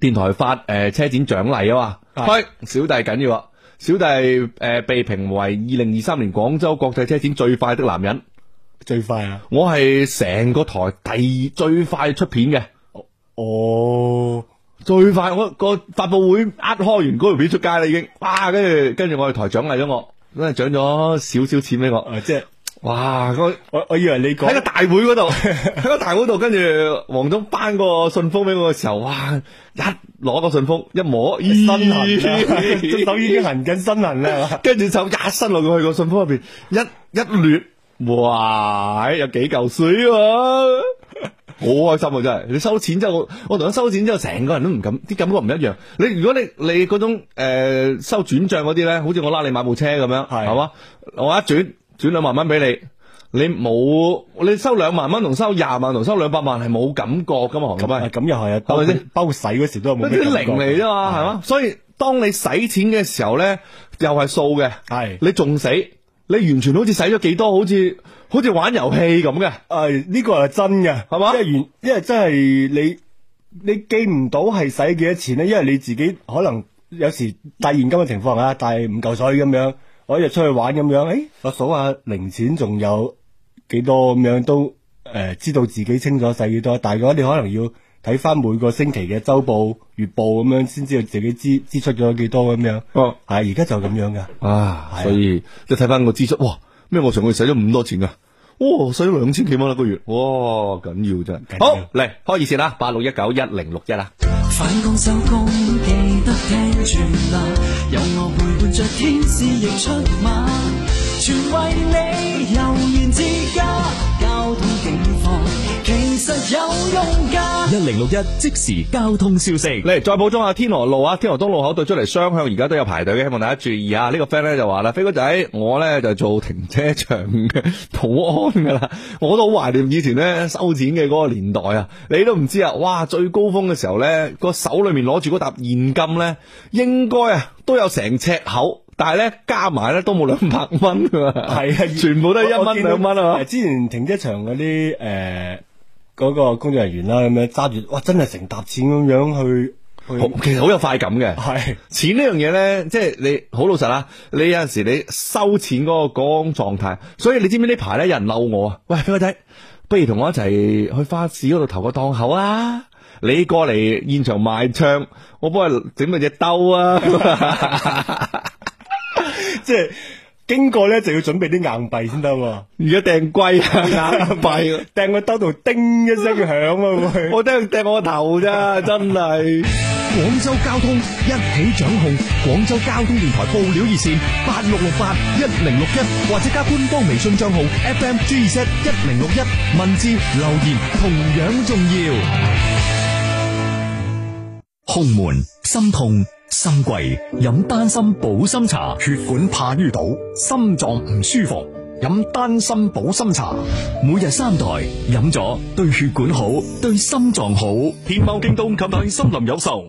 電台發誒、呃、車展獎勵啊嘛，係小弟緊要，啊，小弟誒、呃、被評為二零二三年廣州國際車展最快的男人，最快啊！我係成個台第最快出片嘅，哦，最快我、個發布會呃開完嗰條片出街啦，已經，哇！跟住跟住我哋台獎勵咗我。都係獎咗少少錢俾我，啊、即係，哇！那個、我我以為你講喺個大會嗰度，喺 *laughs* *laughs* 個大會度，跟住黃總頒個信封俾我嘅時候，哇！一攞個信封，一摸，身痕，隻 *laughs* 手已經痕緊身痕啦，跟住 *laughs* 就一伸落去個信封入邊，一一攣，哇！有幾嚿水，啊。好開心啊，真係！你收咗錢之後，我同你收咗錢之後，成個人都唔感，啲感覺唔一樣。你如果你你嗰種誒、呃、收轉賬嗰啲咧，好似我拉你買部車咁樣，係係嘛？我一轉轉兩萬蚊俾你，你冇你收兩萬蚊同收廿萬同收兩百萬係冇感覺噶嘛？咁啊，咁又係啊，係咪先？包括使嗰時都冇。嗰啲零嚟啫嘛，係嘛？是所以當你使錢嘅時候咧，又係數嘅。係是你仲使？你完全好似使咗幾多，好似。好似玩遊戲咁嘅，誒呢、啊這個係真嘅，係嘛吧？因為完，因為真係你你記唔到係使幾多錢咧？因為你自己可能有時帶現金嘅情況啊，帶唔夠水咁樣，我一日出去玩咁樣，誒、哎、我數下零錢仲有幾多咁樣，都誒、呃、知道自己清楚使幾多。但係嘅話，你可能要睇翻每個星期嘅周報、月報咁樣，先知道自己支支出咗幾多咁樣。哦，係而家就咁樣噶。啊，所以即睇翻個支出，哇！咩？我上個月使咗咁多錢啊，哇、哦，使咗兩千幾蚊一個月，哇、哦，緊要真係。要好，嚟開熱線啦，八六一九一零六一啊。返工收工記得聽一零六一即時交通消息，嚟，再補充下天河路啊，天河東路口對出嚟，雙向而家都有排隊嘅，希望大家注意啊！呢個 friend 咧就話啦，飛哥仔，我咧就做停車場嘅保安噶啦，我都好懷念以前咧收錢嘅嗰個年代啊！你都唔知啊，哇，最高峰嘅時候咧，個手裏面攞住嗰沓現金咧，應該啊都有成尺厚，但係咧加埋咧都冇兩百蚊噶，係啊的，全部都係一蚊兩蚊啊！2 2之前停車場嗰啲誒。呃嗰個工作人員啦，咁樣揸住，哇！真係成沓錢咁樣去，去其實好有快感嘅。係錢呢樣嘢咧，即係你好老實啊！你有陣時你收錢嗰個嗰種狀態，所以你知唔知呢排咧有人嬲我啊？喂，畀我睇，不如同我一齊去花市嗰度投個檔口啊！你過嚟現場賣唱，我幫佢整咗隻兜啊！即係。經過咧就要準備啲硬幣先得，如果掟龜硬幣，掟個兜度叮一聲響啊！我得掟我個頭咋，真係！廣州交通一起掌控，廣州交通電台報料熱線八六六八一零六一，或者加官方微信賬號 FM G 二七一零六一，文字留言同樣重要。胸悶心痛。三季飲丹參補心茶，血管怕淤堵，心臟唔舒服，飲丹參補心茶，每日三袋，飲咗對血管好，對心臟好。天貓京東及大森林有售。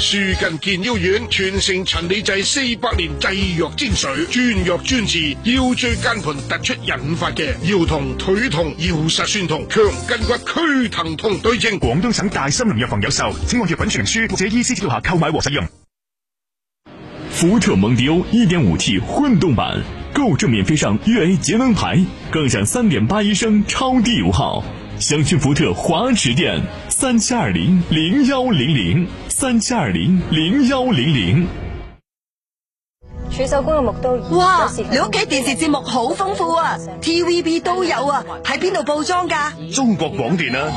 舒筋健腰丸，傳承陳李濟四百年製藥精髓，專藥專治腰椎間盤突出引發嘅腰痛、腿痛、腰膝痠痛、強筋骨、屈疼痛。對症，廣東省大森林藥房有售，請按藥品說明書或者醫師指導下購買和使用。福特蒙迪歐一點五 T 混動版，購正免費上粵 A 節能牌，更享三點八一升超低油耗。香雪福特華池店三七二零零幺零零三七二零零幺零零。取手工嘅目刀。哇，你屋企電視節目好豐富啊，TVB 都有啊，喺邊度報裝㗎？中國廣電啊。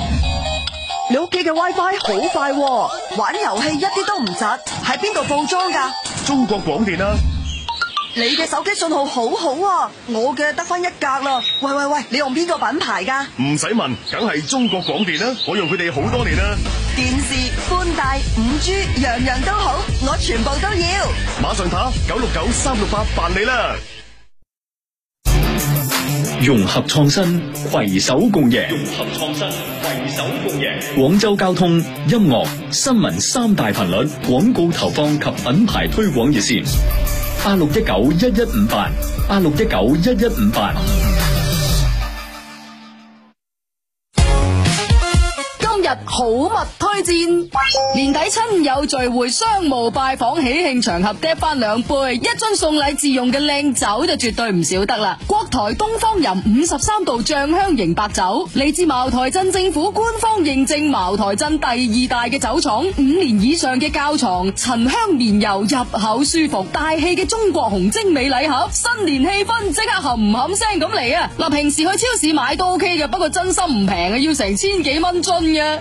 你屋企嘅 WiFi 好快喎，玩遊戲一啲都唔窒，喺邊度報裝㗎？中國廣電啊。你嘅手機信號好好啊，我嘅得返一格啦。喂喂喂，你用邊個品牌噶？唔使問，梗係中國廣電啦。我用佢哋好多年啦。電視、寬帶、五 G，樣樣都好，我全部都要。馬上打九六九三六八辦理啦。融合創新，携手共贏。融合創新，携手共贏。廣州交通、音樂、新聞三大頻率廣告投放及品牌推廣熱線。八六一九一一五八，八六一九一一五八。好物推薦，年底親友聚會、商務拜訪、喜慶場合，嗲翻兩杯，一樽送禮自用嘅靚酒就絕對唔少得啦。國台東方韻五十三度醬香型白酒，嚟自茅台鎮政府官方認證，茅台鎮第二大嘅酒廠，五年以上嘅窖藏，陳香綿柔，入口舒服，大氣嘅中國紅精美禮盒，新年氣氛即刻冚冚聲咁嚟啊！嗱，平時去超市買都 OK 嘅，不過真心唔平啊，要成千幾蚊樽嘅。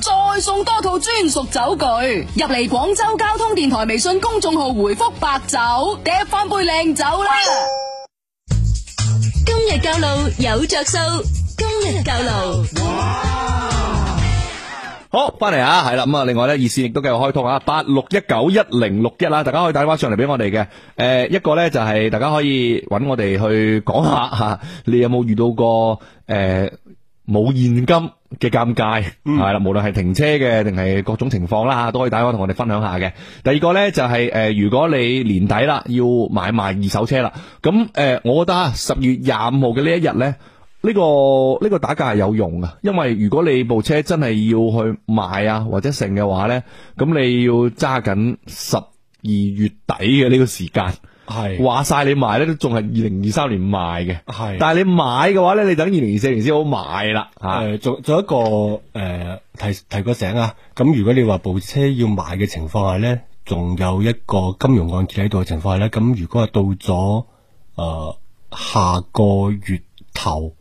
再送多套專屬酒具，入嚟廣州交通電台微信公眾號回覆白酒，疊翻杯靚酒啦！今日教路有着數，今日教路。好，翻嚟啊，係啦，咁啊，另外呢，熱線亦都繼續開通啊，八六一九一零六一啦，大家可以打電話上嚟俾我哋嘅。誒，一個呢就係大家可以揾我哋去講下吓，你有冇遇到過誒冇現金？嘅尷尬係啦、嗯，無論係停車嘅定係各種情況啦，都可以打開同我哋分享下嘅。第二個呢，就係、是、誒、呃，如果你年底啦要買賣二手車啦，咁誒、呃，我覺得十二月廿五號嘅呢一日咧，呢、這個呢、這個打價係有用噶，因為如果你部車真係要去賣啊或者剩嘅話呢，咁你要揸緊十二月底嘅呢個時間。係是話晒你賣咧，都仲係二零二三年賣嘅。係，但係你買嘅是話咧，你等二零二四年先好買啦。誒、啊，仲仲、呃、一個誒、呃、提提個醒啊！咁如果你話部車要賣嘅情況下咧，仲有一個金融按揭喺度嘅情況下咧，咁如果係到咗誒、呃、下個月頭，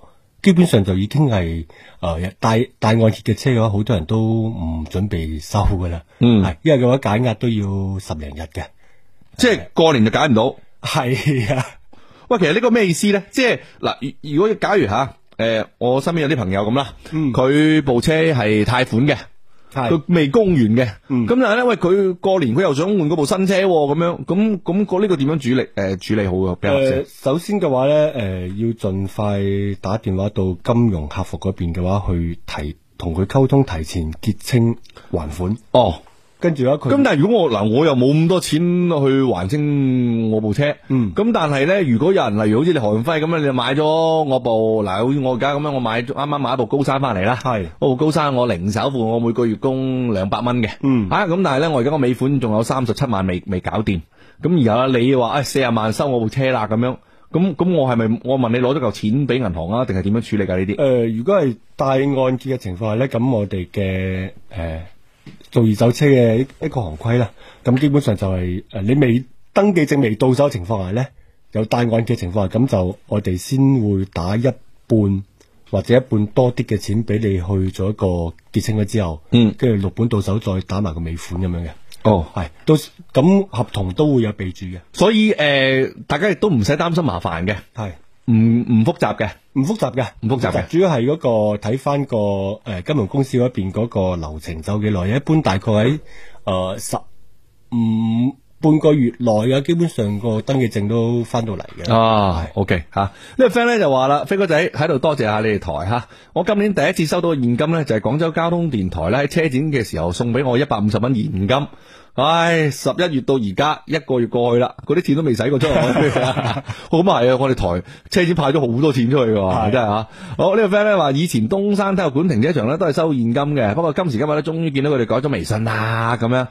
基本上就已經係誒帶帶按揭嘅車嘅話，好多人都唔準備收噶啦。嗯，係，因為嘅話解押都要十零日嘅。即係過年就解唔到，係啊！喂，其實呢個咩意思咧？即係嗱，如果假如吓，誒、啊、呃，我身邊有啲朋友咁啦，佢部、嗯、車係貸款嘅，係佢未供完嘅，咁、嗯、但係咧，喂，佢過年佢又想換嗰部新車咁、哦、樣，咁咁個呢個點樣處理？誒、呃，處理好嘅比較正。首先嘅話咧，誒、呃，要盡快打電話到金融客服嗰邊嘅話，去提同佢溝通，提前結清還款。哦。跟住咧，佢咁、嗯、但係如果我嗱我又冇咁多錢去還清我部車，咁、嗯、但係咧，如果有人例如好似你韓輝咁樣，你買咗我部嗱，好似我而家咁樣，我買啱啱買一部高山翻嚟啦，部是高山，我零首付，我每個月供兩百蚊嘅，吓咁、嗯啊、但係咧，我而家個尾款仲有三十七萬未未搞掂，咁然後啊你話啊四十萬收我部車啦咁樣，咁咁我係咪我問你攞咗嚿錢俾銀行啊，定係點樣處理㗎呢啲？誒、呃，如果係大按揭嘅情況下咧，咁我哋嘅誒。呃做二手車嘅一個行規啦，咁基本上就係誒，你未登記證未到手嘅情況下咧，有帶案嘅情況下，咁就我哋先會打一半或者一半多啲嘅錢俾你去做一個結清咗之後，嗯，跟住六本到手再打埋個尾款咁樣嘅。哦，係，到咁合同都會有備註嘅，所以誒、呃，大家亦都唔使擔心麻煩嘅，係，唔唔複雜嘅。唔複雜嘅，唔複雜嘅，主要係嗰個睇翻個誒、呃，金融公司嗰邊嗰個流程，走幾耐，一般大概喺誒、呃、十五。嗯半個月內嘅，基本上個登記證都翻到嚟嘅。啊是，OK 嚇、啊。呢、這個 friend 咧就話啦，飛哥仔喺度多謝下你哋台嚇、啊。我今年第一次收到現金咧，就係、是、廣州交通電台咧喺車展嘅時候送俾我一百五十蚊現金。唉、哎，十一月到而家一個月過去啦，嗰啲錢都未使過出。咁係 *laughs* *laughs* *laughs* 啊，我哋台車展派咗好多錢出去嘅喎， *laughs* 真係嚇、啊。好，呢、這個 friend 咧話以前東山體育館停車場咧都係收現金嘅，不過今時今日咧終於見到佢哋改咗微信啦咁樣。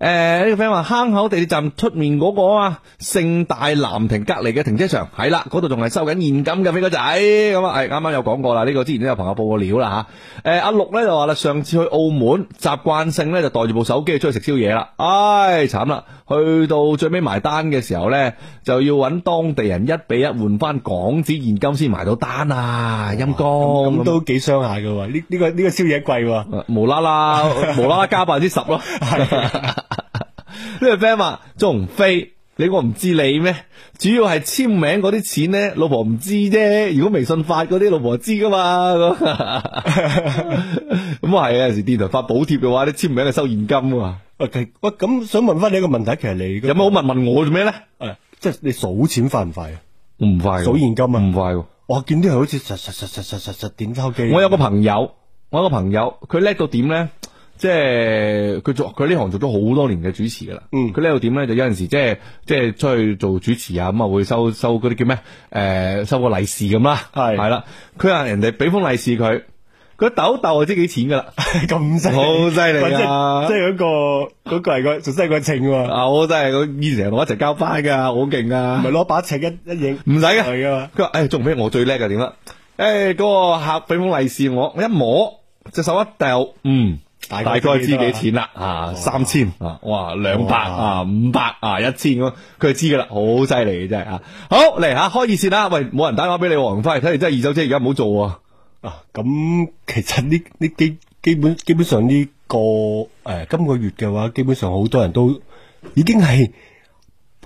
誒，呢、嗯、個 friend 話坑口地鐵站出面嗰個啊嘛，盛大南亭隔籬嘅停車場係啦，嗰度仲係收緊現金嘅，飛哥仔咁啊，係啱啱有講過啦，呢個之前都有朋友報過料啦吓。誒，阿六咧就話啦，上次去澳門，習慣性咧就袋住部手機出去食宵夜啦，唉，慘啦，去到最尾埋單嘅時候咧，就要揾當地人一比一換翻港紙現金先埋到單啊，陰公，咁都幾傷下嘅，呢、這、呢個呢個宵夜貴、anyway，無啦啦無啦啦加百分之十咯。呢個 friend 話，鍾飛，你個唔知你咩？主要係簽名嗰啲錢咧，老婆唔知啫。如果微信發嗰啲，老婆知噶嘛？咁咁啊係啊！有時 *laughs* 電台發補貼嘅話，啲簽名係收現金啊。喂、okay. 嗯，咁想問翻你一個問題，其實你有冇好問問我做咩咧？誒、啊，即係你數錢快唔快，快啊？唔快，數現金唔快。我見啲人好似實實實實實實實點鈔機。我有個朋友，我有個朋友，佢叻到點咧？即係佢做佢呢行做咗好多年嘅主持噶啦。嗯，佢呢度點咧？就有陣時即係即係出去做主持啊，咁啊會收收嗰啲叫咩？誒、呃、收個利是咁啦，係係啦。佢話人哋俾封利是佢，佢一抖抖就知幾錢噶啦。咁犀好犀利，即係嗰個嗰個係個做西過秤啊！我真係以前同我一齊交班噶，好勁啊！唔係攞把一尺一一影唔使嘅，佢話誒，仲唔俾我最叻嘅點啦？誒，嗰個客俾封利是我，我一摸隻手一掉。嗯。大概知幾錢啦？吓哇三千啊！哇，兩百哇啊，五百啊，一千咁，佢係知噶啦，好犀利嘅真係啊！好嚟吓，開熱線啦！喂，冇人打電話俾你黃輝，睇嚟真係二手車而家唔好做啊！咁其實呢呢基基本基本上呢、呢個誒今，呃今個月嘅話，基本上好多人都已經係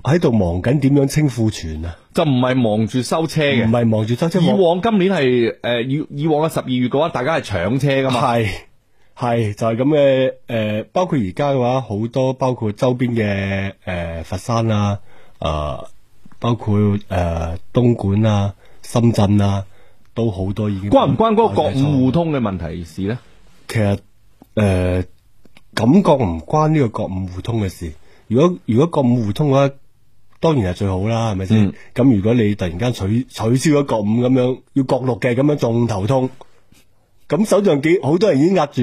喺度忙緊點樣清庫存啊！就唔係忙住收車嘅，唔係忙住收車。以往今年係誒以以往嘅十二月嘅話，大家係搶車噶嘛係。係，就係咁嘅。誒、呃，包括而家嘅話，好多包括周邊嘅誒，佛山啊，誒、呃，包括誒、呃、東莞啊、深圳啊，都好多已經關唔關嗰個國五互通嘅問題事咧？其實誒、呃，感覺唔關呢個國五互通嘅事。如果如果國五互通嘅話，當然係最好啦，係咪先？咁、嗯、如果你突然間取取消咗國五咁樣，要國六嘅咁樣仲頭痛。咁手上幾好多人已經壓住。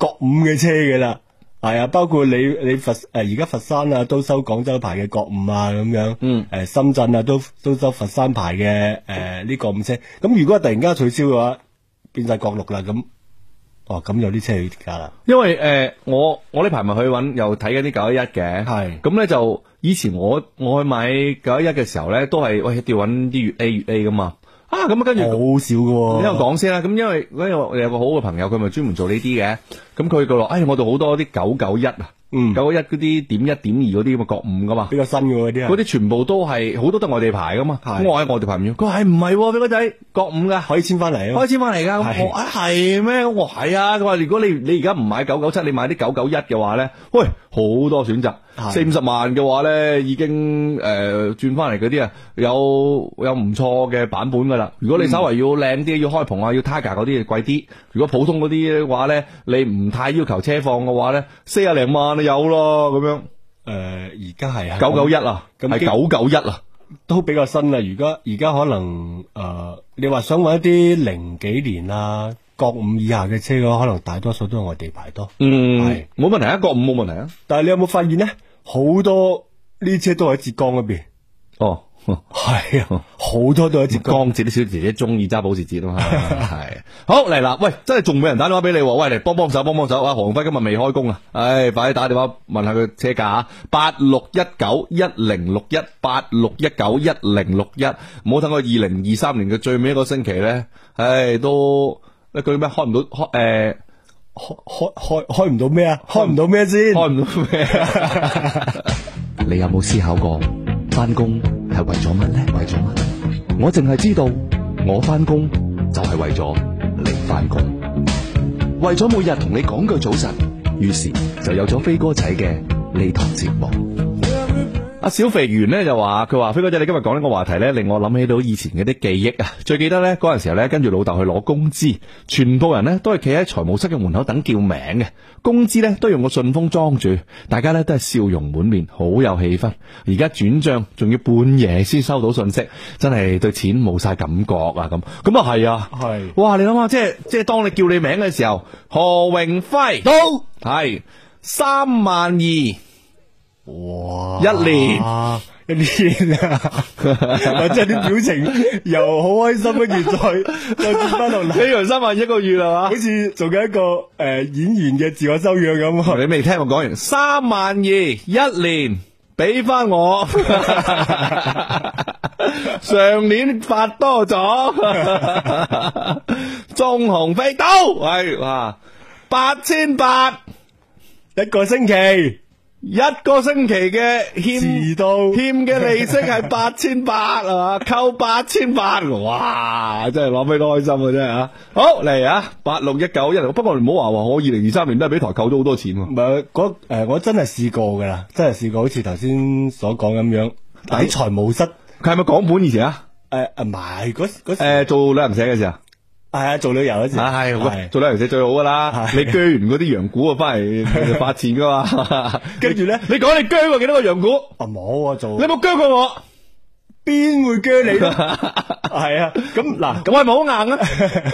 國五嘅車噶啦，係啊，包括你你佛誒而家佛山啊都收廣州牌嘅國五啊咁樣，嗯、呃，誒深圳啊都都收佛山牌嘅誒呢國五車，咁如果突然間取消嘅話，變晒國六啦，咁哦咁有啲車去跌價啦。因為誒、呃、我我呢排咪去揾又睇緊啲九一一嘅，係是，咁咧就以前我我去買九一一嘅時候咧，都係喂一定要揾啲粵 A 粵 A 噶嘛。啊，咁跟住好好笑㗎喎，啊，你聽我講先啦，咁因為咧我有，有個好嘅朋友，佢咪專門做呢啲嘅，咁佢佢話，哎，我做好多啲九九一啊。嗯，九九一嗰啲點一點二嗰啲咁嘅國五噶嘛，比較新嘅嗰啲啊，嗰啲全部都係好多都外地牌噶嘛，咁的我喺外地牌唔知，佢係唔係？畀個仔國五嘅可以簽翻嚟，可以簽翻嚟噶，啊係咩？我係啊，佢話如果你你而家唔買九九七，你買啲九九一嘅話咧，喂好多選擇，四五十萬嘅話咧已經誒轉翻嚟嗰啲啊有有唔錯嘅版本噶啦。如果你稍為要靚啲，嗯、要開篷啊，要 Targa 嗰啲就貴啲。如果普通嗰啲嘅話咧，你唔太要求車況嘅話咧，四啊零萬。有咯，咁樣，誒而家係九九一啊，係九九一啊，都比較新啦。而家而家可能誒，你話想搵一啲零幾年啊，國五以下嘅車嘅話，可能大多數都係外地牌多。嗯，係冇問題啊，國五冇問題啊。但係你有冇發現咧？好多呢車都喺浙江嗰邊。哦。係啊，好多都接光節啲小姐姐中意揸保時捷啊嘛，係好嚟啦！喂，真係仲俾人打電話俾你，喂嚟幫幫手，幫幫手啊！韓輝今日未開工啊，唉、哎，快啲打電話問下佢車價啊！八六一九一零六一，八六一九一零六一，唔好等我二零二三年嘅最尾一個星期咧，唉、哎，都一句咩開唔到開誒開開開開唔到咩啊？開唔到咩先？開唔到咩？ *music* *laughs* 你有冇思考過翻工？係為咗乜咧？為咗乜？我淨係知道，我翻工就係、是、為咗你翻工，為咗每日同你講句早晨，於是就有咗飛哥仔嘅呢堂節目。阿小肥圓咧就話，佢話飛哥姐，你今日講呢個話題咧，令我諗起到以前嗰啲記憶啊！最記得咧嗰陣時候咧，跟住老豆去攞工資，全部人咧都係企喺財務室嘅門口等叫名嘅，工資咧都用個信封裝住，大家咧都係笑容滿面，好有氣氛。而家轉賬仲要半夜先收到信息，真係對錢冇晒感覺啊！咁咁啊係啊，係是哇！你諗下，即係即係當你叫你名嘅時候，何榮輝到？係，三萬二。哇！一年 *laughs* 一年啊，即係啲表情又好開心，跟住再再轉翻到呢樣三萬一個月係嘛？好似做緊一個誒、呃、演員嘅自我修養咁。你未聽我講完？三萬二一年俾翻我， *laughs* 上年發多咗。 *laughs* 中鴻飛刀，係哇八千八一個星期。一個星期嘅欠到欠嘅利息係八千八啊嘛，扣八千八，哇！真係攞俾都開心啊，真係啊。好嚟啊，八六一九一，不過你唔好話話我二零二三年都係俾台扣咗好多錢。唔係，誒我真係試過噶啦，真係試過好，好似頭先所講咁樣底財無失。佢係咪港本以前啊？誒誒、欸，唔係誒做旅行社嘅時候。係啊，做旅遊嗰時，係、哎、喂，的做旅遊社最好噶啦，的你鋸完嗰啲羊股啊，翻嚟發錢噶嘛，跟住咧，你講你鋸過幾多個羊股？啊冇啊，做你冇鋸過我，邊會鋸你咯？係啊， *laughs* *laughs* 咁嗱，咁係咪好硬啊，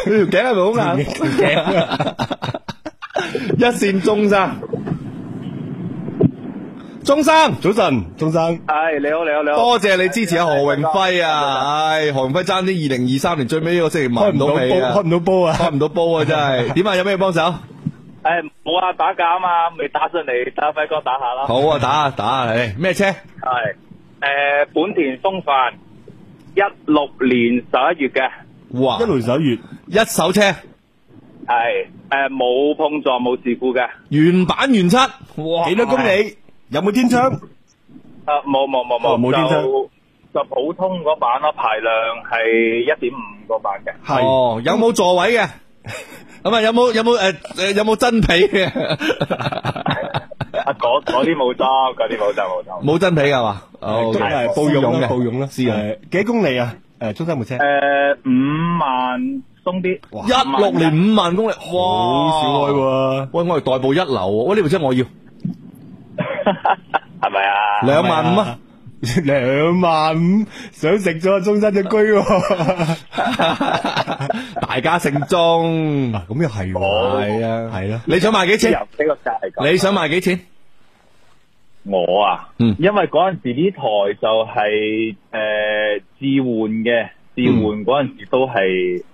條頸係咪好硬，頸， *laughs* 一線中山。鐘生，早晨，鐘生，係你好，你好，你好，多謝你支持阿何榮輝啊！唉，何榮輝爭啲二零二三年最尾呢個星期開唔到波，開唔到波啊，開唔到波啊，真係點啊？有咩幫手？誒，冇啊，打價啊嘛，未打上嚟，打輝哥打下啦。好啊，打啊，打啊，你咩車？係誒，本田鋒範，一六年十一月嘅，哇，一六年十一月，一手車，係誒，冇碰撞，冇事故嘅，原版原漆，哇，幾多公里？有冇天窗？啊，冇冇冇冇冇天窗，就就普通嗰版咯，排量係一點五個版嘅。係，有冇座位嘅？咁啊，有冇有冇誒誒有冇真皮嘅？啊，嗰嗰啲冇裝，嗰啲冇裝冇裝。冇真皮㗎嘛？哦，都係布絨嘅，布絨咯，是啊。幾公里啊？誒，中山部車。誒，五萬鬆啲。一六年五萬公里，哇，好少開喎。喂，我係代步一流，喂，呢部車我要。係咪啊？兩萬五啊？兩萬五，想食咗中山隻龜，大家盛裝嗱，咁又係喎，係啊，係咯，你想賣幾錢？呢個價你想賣幾錢？我啊，嗯，因為嗰陣時呢台就係誒置換嘅，置換嗰陣時都係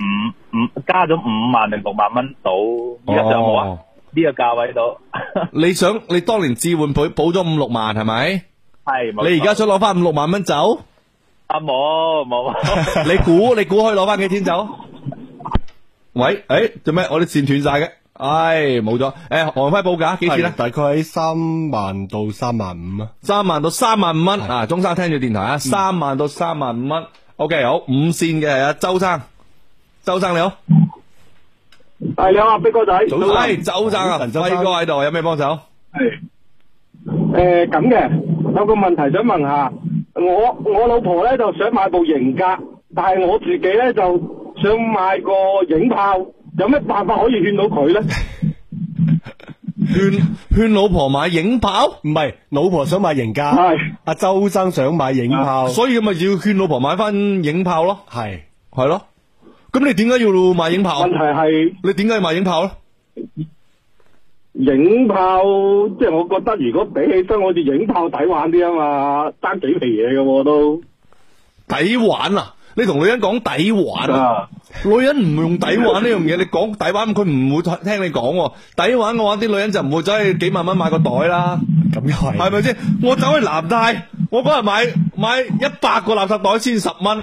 五五加咗五萬零六萬蚊到，而家仲有冇啊？呢個價位度，你想你當年置換保補咗五六萬係咪？係，你而家想攞翻五六萬蚊走？阿冇冇，你估你估可以攞翻幾錢走？喂，誒，做咩我啲線斷晒嘅？唉冇咗。誒，何輝報價幾錢咧？大概喺三萬到三萬五啊。三萬到三萬五蚊啊！中山聽住電台啊，三萬到三萬五蚊。OK，好五線嘅係阿周生，周生你好。係你好啊，碧哥仔，早晨，周生啊，碧哥喺度，有咩幫手？係誒，咁嘅，有個問題想問下，我我老婆咧就想買部型格，但係我自己咧就想買個影炮，有咩辦法可以勸到佢咧？勸，勸老婆買影炮？唔係，老婆想買型格，阿周生想買影炮，所以咪要勸老婆買翻影炮咯？係係咯。咁你點解要賣影炮？問題係你點解要賣影炮咧？影炮即係我覺得如果比起身，我哋影炮抵玩啲啊嘛，爭幾皮嘢嘅我都抵玩啊！你同女人講抵玩啊，女人唔用抵玩呢樣嘢，你講抵玩，佢唔會聽你講。抵玩嘅話，啲女人就唔會走去幾萬蚊買個袋啦。咁又係，係咪先？我走去南大，我嗰日買買一百個垃圾袋先十蚊。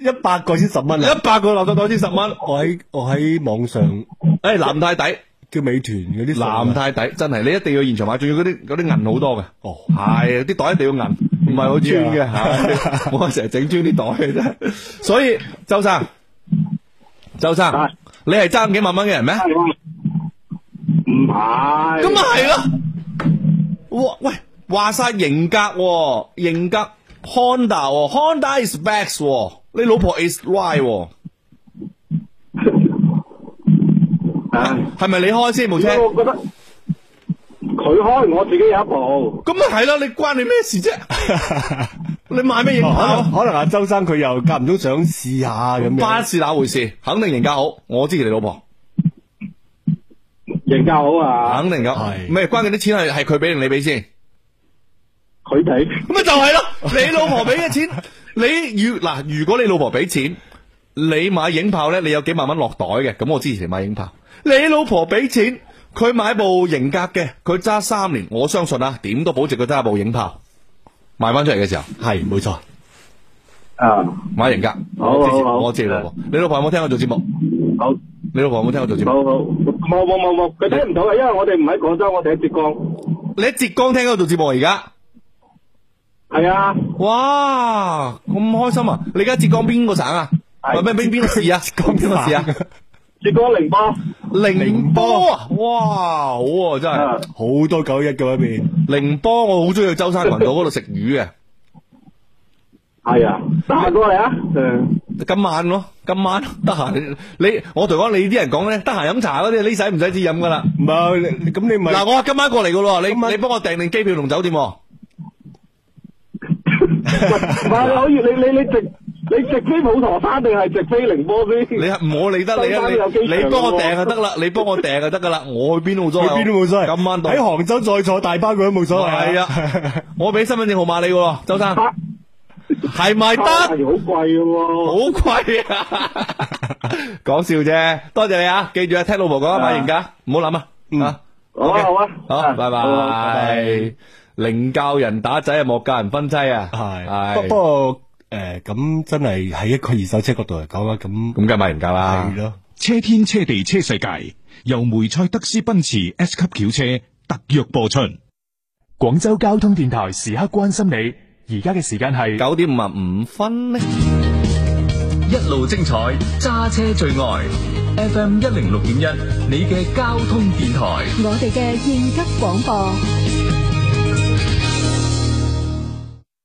一百個先十蚊，一百個落個袋先十蚊。我喺我喺網上誒、欸，藍太底叫美團嗰啲藍太底真係，你一定要現場買，仲要嗰啲嗰啲銀好多嘅哦，係啲袋一定要銀，唔係好穿嘅吓。我成日整穿啲袋嘅啫。所以周生周生，你係爭幾萬蚊嘅人咩？唔係咁啊，係咯，哇喂，話晒型格，型格 Honda，Honda Honda is best。你老婆 is why？Right，喎，欸，係咪你開先部車？我覺得佢開，我自己有一部。咁咪係咯，你關你咩事啫？啊？你買咩嘢？可能阿周生佢又夾唔中想試下咁。花是那回事？肯定人家好，我知你老婆。人家好啊。肯定咁係，唔係關佢啲錢，係係佢俾定你俾先？佢俾。咁咪就係咯，你老婆俾嘅錢。你如嗱，如果你老婆俾錢，你買影炮咧，你有幾萬蚊落袋嘅，咁我支持你買影炮。你老婆俾錢，佢買部型格嘅，佢揸三年，我相信啊，點都保值，佢都一部影炮。賣翻出嚟嘅時候，係冇錯。啊，uh, 買型格，好，我知啦。的你老婆有冇聽我做節目？好，你老婆有冇聽我做節目？冇冇冇冇，佢聽唔到啊，因為我哋唔喺廣州，我哋喺浙江。你喺浙江聽我做節目而家？係啊，哇，咁開心啊！你而家浙江邊個省啊？係咩邊邊個市啊？浙江邊個市啊？浙江寧波，寧波啊！哇，好啊，真係好多九一嘅喺邊。寧波我好中意去舟山群島嗰度食魚嘅。係啊，得閒過嚟啊！今晚咯，今晚得閒你我同我你啲人講咧，得閒飲茶嗰啲你使唔使自己飲噶啦？唔係，咁你唔係嗱，我話今晚過嚟嘅咯，你晚你幫我訂定機票同酒店啊。唔係，可以你你你直你直飛普陀山定係直飛寧波先？你唔好理得你啊，你！你幫我訂就得啦，你幫我訂就得噶啦，我去邊度都冇邊都冇所謂。今晚到喺杭州再坐大巴佢都冇所謂。係啊，我俾身份證號碼你喎，周生係咪得？好貴嘅喎，好貴啊！講笑啫，多謝你啊！記住啊，聽老婆講啊，買人家唔好諗啊，嗯啊，好啊好啊，好，拜拜。寧教人打仔啊，莫教人分妻啊！係係，不過誒，咁真係喺一個二手車角度嚟講啦，咁咁梗係賣唔夠啦。係啦，車天車地車世界，由梅賽德斯奔馳 S 級轎車特約播出。廣州交通電台時刻關心你。而家嘅時間係九點五十五分，一路精彩，揸車最愛 FM 一零六點一，你嘅交通電台，我哋嘅應急廣播。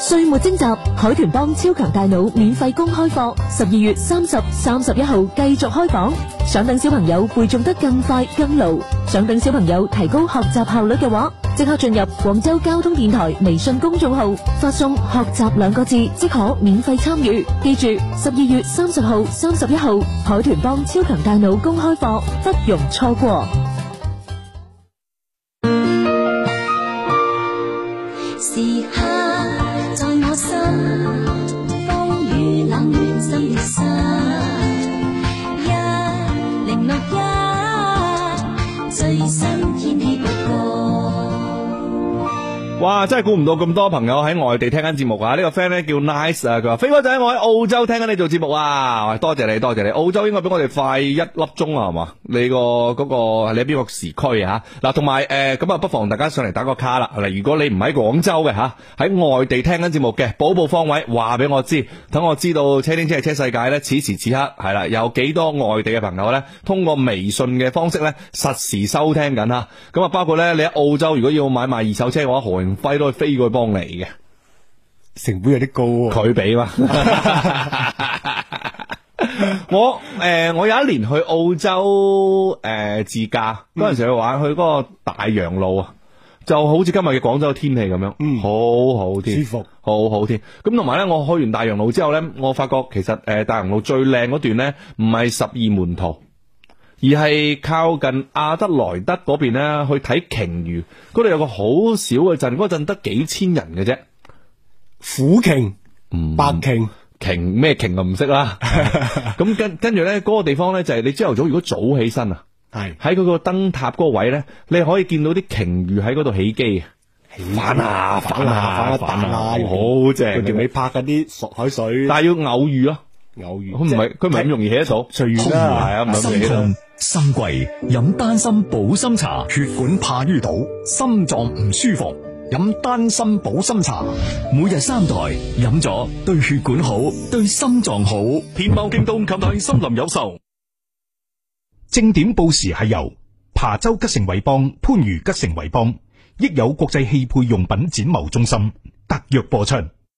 歲末徵集，海豚幫超強大腦免費公開課，十二月三十、三十一號繼續開講。想等小朋友背誦得更快、更牢，想等小朋友提高學習效率嘅話，即刻進入廣州交通電台微信公眾號，發送學習兩個字即可免費參與。記住，十二月三十號、三十一號，海豚幫超強大腦公開課，不容錯過。哇！真係估唔到咁多朋友喺外地聽緊節目啊！這個、呢個 friend 咧叫 Nice 啊，佢話飛哥仔，我喺澳洲聽緊你做節目啊！多謝你，多謝你！澳洲應該比我哋快一粒鐘啊，係嘛？你個嗰、那個係你喺邊個時區啊？嗱，同埋誒咁啊，呃、不妨大家上嚟打個卡啦！嗱、啊，如果你唔喺廣州嘅吓，喺、啊、外地聽緊節目嘅，報報方位話俾我，我知，等我知道。車天車地車世界呢，此時此刻係啦，有幾多外地嘅朋友呢？通過微信嘅方式呢，實時收聽緊啊！咁啊，包括呢，你喺澳洲，如果要買賣二手車嘅話，何？飛都係飛過去幫你嘅，成本有啲高，哦，佢俾比嘛。 *laughs* *laughs* *laughs* 我誒、呃，我有一年去澳洲誒、呃、自駕嗰陣時去玩，去嗰個大洋路啊，就好似今日嘅廣州天氣咁樣，好、嗯、好天舒服，好好天。咁同埋咧，我去完大洋路之後咧，我發覺其實誒，大洋路最靚嗰段咧，唔係十二門徒。而係靠近亞德萊德嗰邊咧，去睇鯨魚，嗰度有個好少嘅鎮，嗰陣得幾千人嘅啫。虎鯨、白鯨、鯨咩鯨就唔識啦。咁跟跟住咧，嗰個地方咧就係你朝頭早如果早起身啊，係喺嗰個燈塔嗰位咧，你可以見到啲鯨魚喺嗰度起機，翻啊翻啊翻啊，好正，條尾拍緊啲熟海水，但係要偶遇咯。佢唔係，佢唔係咁容易起得到，隨緣啦。心痛心悸，飲丹參保心茶，血管怕淤堵，心臟唔舒服，飲丹參保心茶，每日三袋，飲咗對血管好，對心臟好。天貓京東及大森林有售。 *laughs* 正點報時係由琶洲吉成維邦、番禺吉成維邦益友國際汽配用品展貿中心特約播出。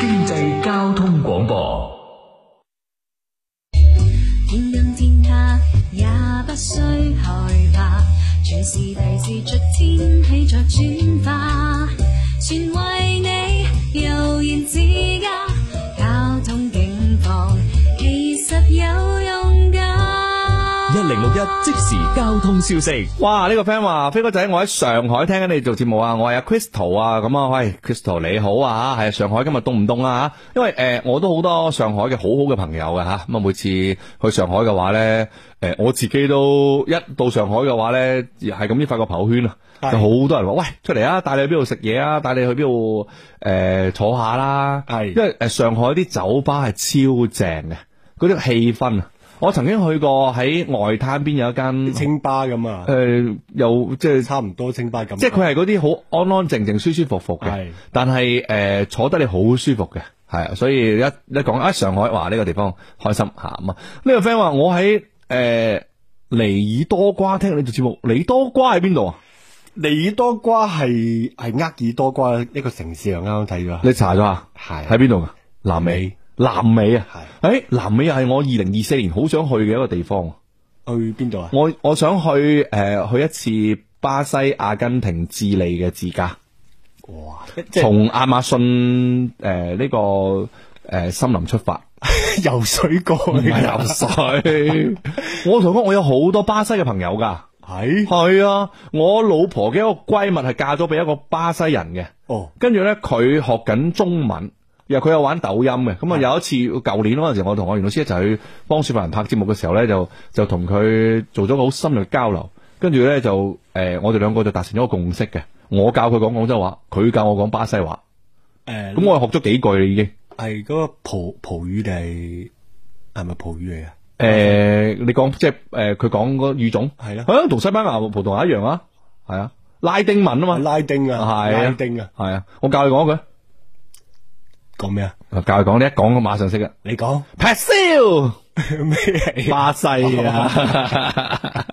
經濟交通廣播。天陰天黑也不需害怕，隨時提示着天氣在轉化，全為你悠然自得。零六一即時交通消息，哇！呢、這個 friend 話，飛哥仔，我喺上海聽緊你哋做節目 stal, 啊！我係啊 Crystal 啊，咁啊，喂，Crystal 你好啊，吓啊，上海，今日凍唔凍啊？吓，因為誒、呃，我都好多上海嘅好好嘅朋友啊。吓，咁啊，每次去上海嘅話咧，誒、呃，我自己都一到上海嘅話咧，係咁先發個朋友圈啊，就好是多人話，喂，出嚟啊，帶你去邊度食嘢啊，帶你去邊度誒坐下啦，係是，因為誒、呃、上海啲酒吧係超正嘅，嗰啲氣氛啊。我曾經去過喺外灘邊有一間清吧咁啊，誒、呃、又即係差唔多清吧咁，即係佢係嗰啲好安安靜靜、舒舒服服嘅。的但係誒、呃、坐得你好舒服嘅，係啊，所以一一講啊上海話呢個地方開心嚇咁啊。呢、這個 friend 話我喺誒尼爾多瓜聽你做節目，尼爾多瓜喺邊度啊？尼爾多瓜係係厄爾多瓜一個城市啊，啱啱睇咗。你查咗啊？係喺邊度噶？南美。嗯南美啊，係的，誒，南美又係我二零二四年好想去嘅一個地方，去邊度啊？我我想去誒、呃、去一次巴西、阿根廷、智利嘅自駕，哇！從亞馬遜誒呢、呃這個誒、呃、森林出發，游水過去唔係游水。 *laughs* 我同哥，我有好多巴西嘅朋友㗎，係係是啊！我老婆嘅一個閨蜜係嫁咗俾一個巴西人嘅，哦呢，跟住咧佢學緊中文。又佢有玩抖音嘅，咁啊有一次舊年嗰陣時我同我袁老師一齊去幫小朋友拍節目嘅時候咧，就就同佢做咗個好深入嘅交流，跟住咧就誒，我哋兩個就達成咗個共識嘅。我教佢講廣州話，佢教我講巴西話。誒，咁我學咗幾句啦已經。係嗰個葡葡語定係係咪葡語嚟噶？誒，你講即係誒，佢講嗰個語種係啦，啊，同西班牙葡萄牙一樣啊，係啊，拉丁文啊嘛，拉丁啊，係拉丁啊，係啊，我教你講一句。講咩啊？教佢講，你一講我馬上識嘅。你講說，拍消咩？巴西 *laughs* *laughs* 看看啊！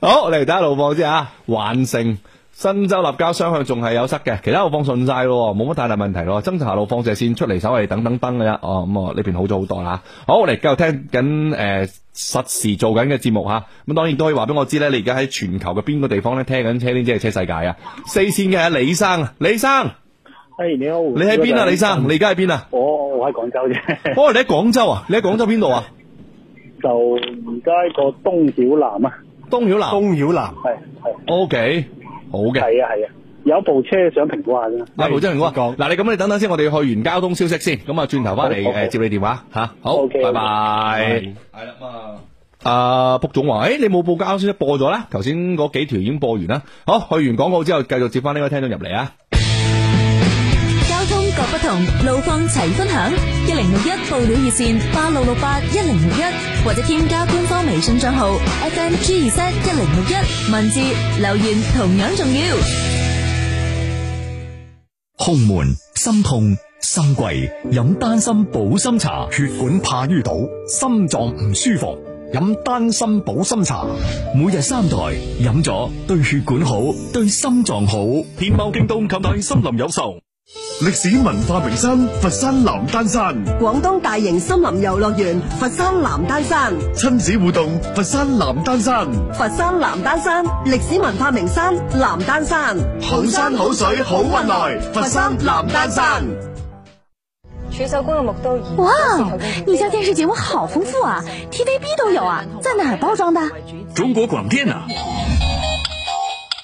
好，嚟睇下路況先啊！環城新洲立交雙向仲係有塞嘅，其他路放順晒咯，冇乜太大問題咯。增槎路放射線出嚟，稍為等等燈嘅啫。哦，咁啊，呢、啊、邊、嗯、好咗好多啦。好，我哋繼續聽緊誒、呃、實時做緊嘅節目吓。咁、啊啊啊啊、當然都可以話俾我知咧，你而家喺全球嘅邊個地方咧聽緊車呢？車即係車世界啊！四線嘅李生啊，李生。李生誒，你好！你喺邊啊，李生？你而家喺邊啊？我我喺廣州啫。哦，你喺廣州啊？你喺廣州邊度啊？就而家個東曉南啊。東曉南。東曉南，係係。OK，好嘅。係啊係啊，有部車想評估下嘅。有部車評估啊！嗱，你咁你等等先，我哋去完交通消息先，咁啊轉頭翻嚟，誒，接你電話吓。好，拜拜。係啦，咁啊。啊，卜總話，誒，你冇報交通消息播咗啦，頭先嗰幾條已經播完啦。好，去完廣告之後，繼續接翻呢位聽眾入嚟啊。不同路況齊分享，一零六一報料熱線八六六八一零六一，或者添加官方微信賬號 FMG 二三一零六一，61，文字留言同樣重要。胸悶心痛心悸，飲丹參補心茶，血管怕淤堵，心臟唔舒服，飲丹參補心茶，每日三袋。飲咗對血管好，對心臟好。天貓京東及大森林有售。歷史文化名山佛山南丹山，廣東大型森林遊樂園佛山南丹山，親子互動佛山南丹山，佛山南丹山歷史文化名山南丹山，好山好水好運來佛山南丹山。處手工用木刀。哇，你家電視節目好豐富啊！TVB 都有啊，在哪包裝的？中國廣電啊。 *noise*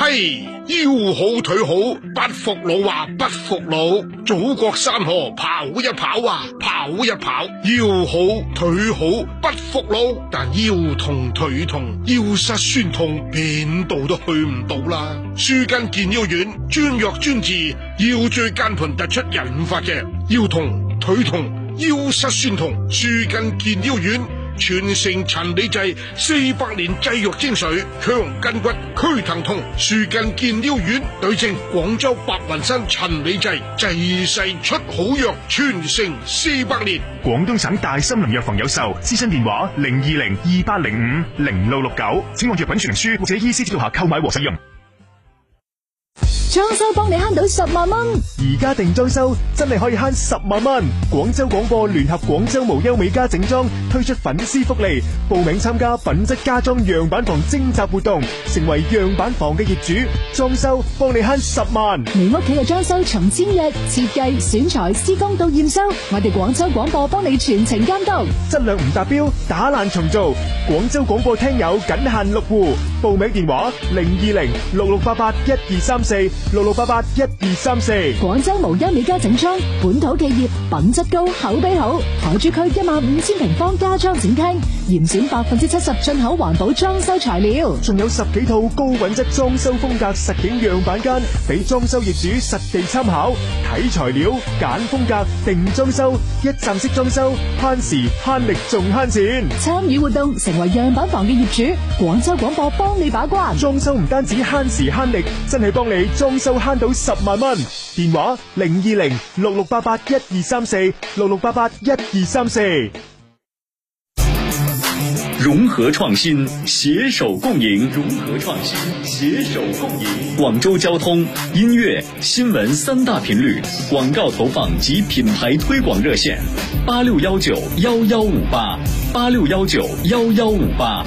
嘿，hey, 腰好腿好，不服老啊，不服老！祖國山河跑一跑啊，跑一跑，腰好腿好，不服老。但腰痛腿痛，腰膝酸痛，邊度都去唔到啦。舒筋健腰丸，專藥專治腰椎間盤突出引發嘅腰痛、腿痛、腰膝酸痛、舒筋健腰丸。全城陳李濟四百年製藥精髓，強筋骨、驅疼痛、舒筋健腰丸，對症。廣州白雲山陳李濟，濟世出好藥，全城四百年。廣東省大森林藥房有售，諮詢電話零二零二八零五零六六九，69, 請按藥品說明書或者醫師指導下購買和使用。裝修幫你慳到十萬蚊，而家定裝修真係可以慳十萬蚊。廣州廣播聯合廣州無憂美家整裝推出粉絲福利，報名參加品質家裝樣板房徵集活動，成為樣板房嘅業主，裝修幫你慳十萬。你屋企嘅裝修從簽約、設計、選材、施工到驗收，我哋廣州廣播幫你全程監督，質量唔達標打爛重做。廣州廣播聽友僅限六戶，報名電話零二零六六八八一二三四。六六八八一二三四，廣州無一美家整裝，本土企業，品質高，口碑好。海珠區一萬五千平方家裝展廳，嚴選百分之七十進口環保裝修材料，仲有十幾套高品質裝修風格實景樣板間，俾裝修業主實地參考，睇材料，揀風格，定裝修，一站式裝修，慳時慳力仲慳錢。參與活動，成為樣板房嘅業主，廣州廣播幫你把關，裝修唔單止慳時慳力，真係幫你。裝修慳到十萬蚊，電話零二零六六八八一二三四六六八八一二三四。融合創新，携手共贏。融合創新，携手共贏。廣州交通音樂新聞三大頻率廣告投放及品牌推廣熱線：八六幺九幺幺五八，八六幺九幺幺五八。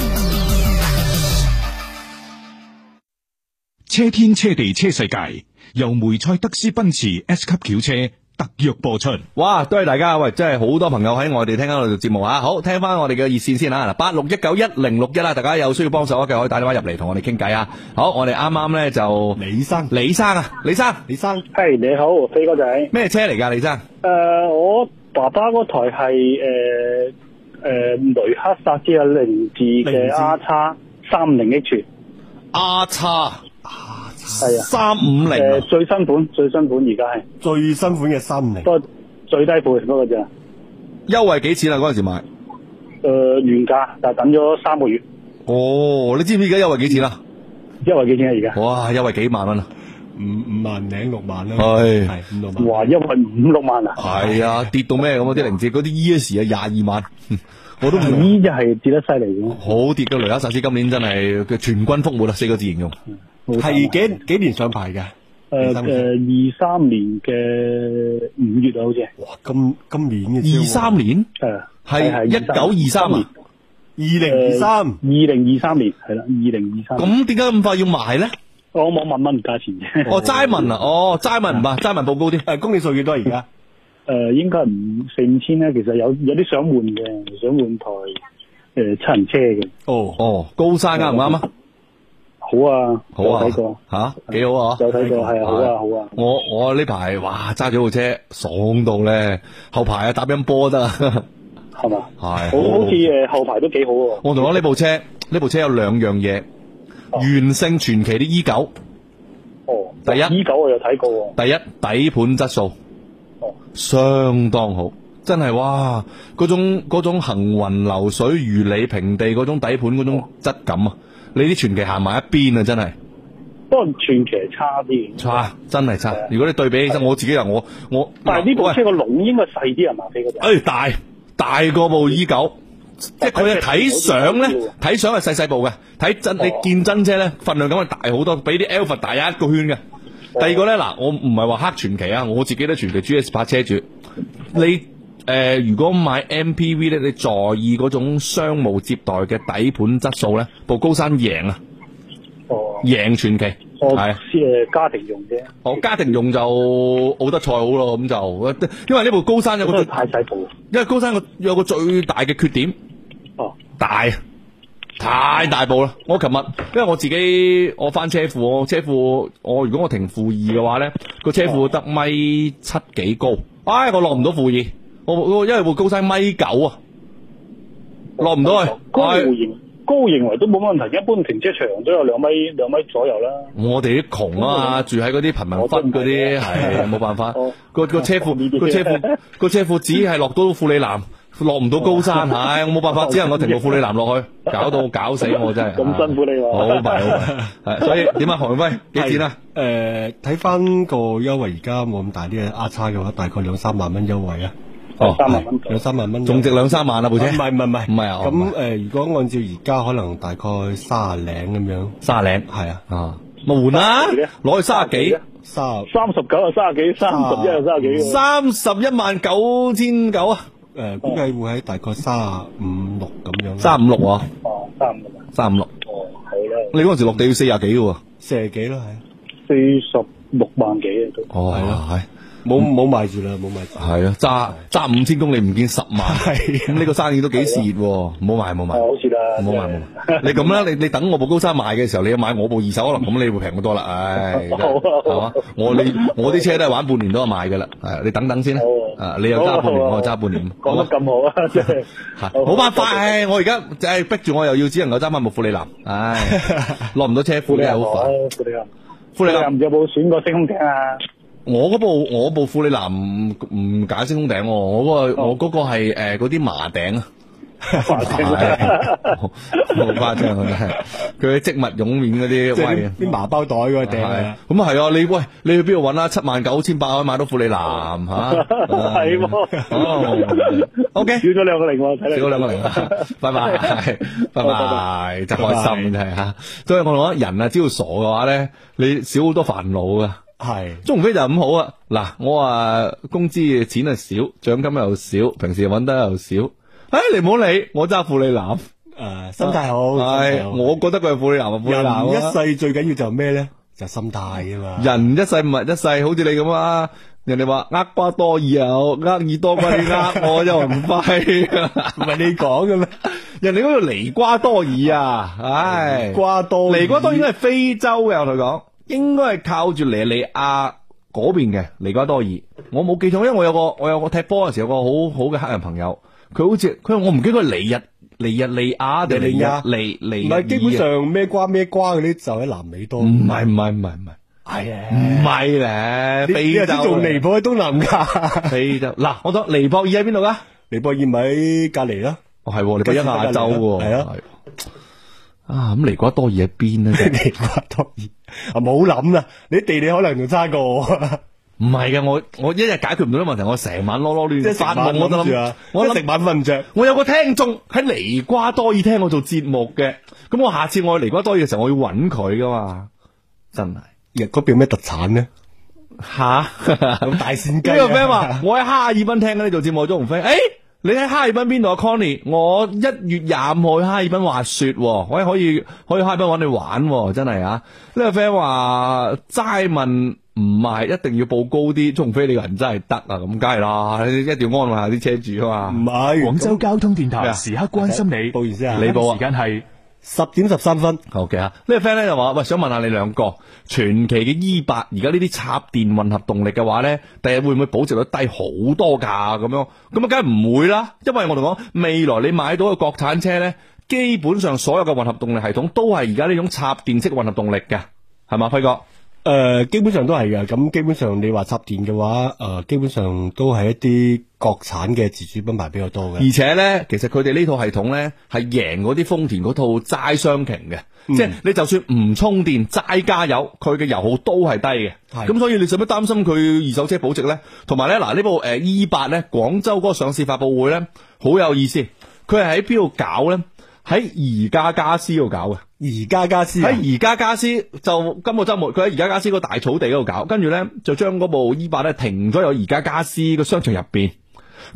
車天車地車世界，由梅賽德斯奔馳 S 級轎車特約播出。哇，多謝大家！喂，真係好多朋友喺我哋聽緊我哋節目啊！好，聽翻我哋嘅熱線先啊！嗱，八六一九一零六一啊！大家有需要幫手嘅，可以打電話入嚟同我哋傾偈啊！好，我哋啱啱咧就李生，李生，李生啊，李生，李生，係、hey, 你好，飛哥仔，咩車嚟噶？李生，誒、呃，我爸爸嗰台係誒誒雷克薩斯凌志嘅 R x 三零 H，R 叉。係啊，三五零、啊、最新款最新款而家係最新款嘅三五零，不最低配，不過咋？優惠幾錢啦？嗰陣時買誒、呃、原價，就係等咗三個月。哦，你知唔知而家優惠幾錢啊？優惠幾錢啊？而家哇，優惠幾萬蚊啊？五五萬零六萬啦、啊，係係是五六萬。哇，優惠五六萬啊？係啊，跌到咩咁啲零借嗰啲 ES 啊，廿二,二,二萬。 *laughs* 我都唔知，就係跌得犀利，好跌嘅雷克薩斯今年真係叫全軍覆沒啦，四個字形容。係幾幾年上牌嘅？誒誒，二三年嘅五月啊，好似。哇，咁今年嘅。二三年。係係。一九二三年。二零二三。二零二三年係啦，二零二三。咁點解咁快要賣咧？我冇問問價錢啫。哦，齋文啊，哦，齋文唔係齋文報高啲，係公里數幾多而家？誒，應該唔四五千咧。其實有有啲想換嘅，想換台誒七人車嘅。哦哦，高山啱唔啱啊？好啊，好啊，睇過吓，幾好啊！有睇過係啊，好啊，好啊。我我呢排哇，揸咗部車，爽到咧，後排啊打乒乓波得啦，係嘛？係好好似誒，後排都幾好嘅。我同你講呢部車，呢部車有兩樣嘢，完勝傳祺啲 E 九，哦，第一 E 九我又睇過，第一底盤質素。相當好，真係哇！嗰種嗰種行雲流水、如履平地嗰種底盤嗰種質感啊，你啲傳奇行埋一邊啊，真係。不過傳奇係差啲。差，真係差。如果你對比起身，我自己又我我。但係呢部車個籠應該細啲啊嘛？俾嗰台。誒，大，大過部 E 九，即係佢睇相咧，睇相係細細部嘅，睇真你見真車咧，份量感係大好多，比啲 Alpha 大一個圈嘅。第二個咧嗱，我唔係話黑傳奇啊，我自己都傳奇 G S 八車主。你誒、呃，如果買 M P V 咧，你在意嗰種商務接待嘅底盤質素咧，部高山贏啊，贏傳、哦、奇係啊，即係家庭用啫。是哦，家庭用就奧德賽好咯，咁就，因為呢部高山有個太細部，因為高山個有個最大嘅缺點，哦，大。太大步啦！我琴日，因為我自己我返車庫，我車庫，我如果我停負二嘅話咧，個車庫得米七幾高，唉、哎，我落唔到負二我，我因為會高晒米九啊，落唔到去。高認為都冇問題，一般停車場都有兩米兩米左右啦。我哋啲窮啊住喺嗰啲貧民窟嗰啲係冇辦法，個個 *laughs* 車庫個 *laughs* 車庫個車庫只係落到負里南。落唔到高山，係我冇辦法，只能我停個庫里南落去，搞到搞死我真係。咁辛苦你話好，好，係所以點啊？何永輝幾錢啊？誒，睇翻個優惠，而家冇咁大啲嘅壓差嘅話，大概兩三萬蚊優惠啊。哦，兩三萬蚊，總值兩三萬啊部車。唔係唔係唔係唔係啊？咁誒，如果按照而家可能大概卅零咁樣。卅零係啊啊，冇換啦，攞去卅幾，卅三十九啊，卅幾，三十一啊，卅幾三十一萬九千九啊！誒，估計、呃、會喺大概卅廿五六咁樣，三五六啊，哦，三五六。三五六。哦，係啦。你嗰陣時落地要四廿幾喎，四廿幾咯，係。四十六萬幾啊都。哦，係係。哦冇冇賣住啦，冇賣住。係啊，揸揸五千公里唔見十萬，咁呢個生意都幾蝕。冇賣冇賣，冇賣冇。你咁啦，你你等我部高山賣嘅時候，你要買我部二手，可能咁你會平好多啦。唉，係嘛，我你我啲車都係玩半年都賣噶啦。係，你等等先啦。啊，你又揸半年，我又揸半年。講得咁好啊，真係，冇辦法，我而家就係逼住我又要只能夠揸翻部富利林，唉，落唔到車庫你係好煩。富利林，富利林，有冇選過星空鏡啊？我部我部庫里南唔唔解星空頂，我個我嗰個係誒嗰啲麻頂啊，好誇張啊，係佢啲織物絨面嗰啲，啲麻包袋嗰個頂啊。咁啊係啊，你喂你去邊度搵啊？七萬九千八可以買到庫里南，吓，係喎。O K，少咗兩個零喎，睇嚟，少咗兩個零啊，拜拜，拜拜，就開心真係吓。所以我諗人啊，只要傻嘅話咧，你少好多煩惱噶。係，鍾榮輝就咁好啊！嗱，我話工資嘅錢係少，獎金又少，平時揾得又少。唉、哎，你唔好理，我揸富利男，誒、啊，心態好。係、啊，哎、我覺得佢係富利男啊，富利男。人一世最緊要就係咩咧？就係、心態啊嘛。人一世唔係一世，好似你咁啊！人哋話厄瓜多爾厄爾多瓜 *laughs* 不 *laughs* 你呃我又唔快，唔係你講㗎咩？人哋嗰度尼瓜多爾啊！唉、哎，尼瓜多梨瓜，當然都係非洲嘅、啊。我同你講。應該係靠住尼利亞嗰邊嘅尼瓜多爾，我冇記錯，因為我有個我有個踢波嘅時候有個好好嘅黑人朋友，佢好似佢話我唔記得佢尼日尼日利亞定尼尼尼，唔係基本上咩瓜咩瓜嗰啲就喺南美多，唔係唔係唔係唔係，係唔係咧？你又知做尼泊喺東南亞？非洲嗱，我想尼泊爾喺邊度啊？尼泊爾咪隔籬咯，哦係，尼泊爾亞洲係啊，啊咁尼瓜多爾喺邊咧？尼瓜多爾。啊，冇諗啦！你地理可能仲差過我。唔係嘅，我我一日解決唔到啲問題，我成晚囉囉亂，即係，成晚我都諗住啊，我成晚瞓唔着。我有個聽眾喺尼瓜多爾聽我做節目嘅，咁我下次我去尼瓜多爾嘅時候，我要搵佢噶嘛。真係。嗰邊有咩特產呢？吓，大扇雞。呢個 friend 話，我喺哈爾濱聽緊你做節目，鍾鴻飛。誒。你喺哈爾濱邊度啊，Connie？我一月廿五號去哈爾濱滑雪，我可以去哈爾濱揾你玩，真係啊！呢 *music* 個 friend 話齋問唔係，一定要報高啲，除非你個人真係得啊，咁梗係啦，你一定要安慰下啲車主啊嘛。唔係是，廣那州交通電台時刻關心你。不好意思啊，呢個時間係。十點十三分，OK 啊。呢個 friend 咧，就話，喂，想問下你兩個，傳奇嘅 E8，而家呢啲插電混合動力嘅話呢，第日會唔會保值率低好多噶？咁樣，咁啊，梗係唔會啦。因為我同你講未來你買到嘅國產車呢，基本上所有嘅混合動力系統都係而家呢種插電式混合動力嘅，係嘛，輝哥。誒，基本上都係噶，咁基本上你話插電嘅話，誒，基本上都係一啲國產嘅自主品牌比較多嘅。而且咧，其實佢哋呢套系統咧，係贏嗰啲豐田嗰套齋雙擎嘅，即係你就算唔充電，齋加油，佢嘅油耗都係低嘅。係。咁所以你使乜擔心佢二手車保值咧？同埋咧，嗱呢部誒 E 八咧，廣州嗰個上市發佈會咧，好有意思。佢係喺邊度搞咧？喺宜家家私度搞嘅。而家家私喺而家家私就今個周末佢喺而家家私個大草地嗰度搞，跟住咧就將嗰部 E 八咧停咗喺而家家私個商場入邊。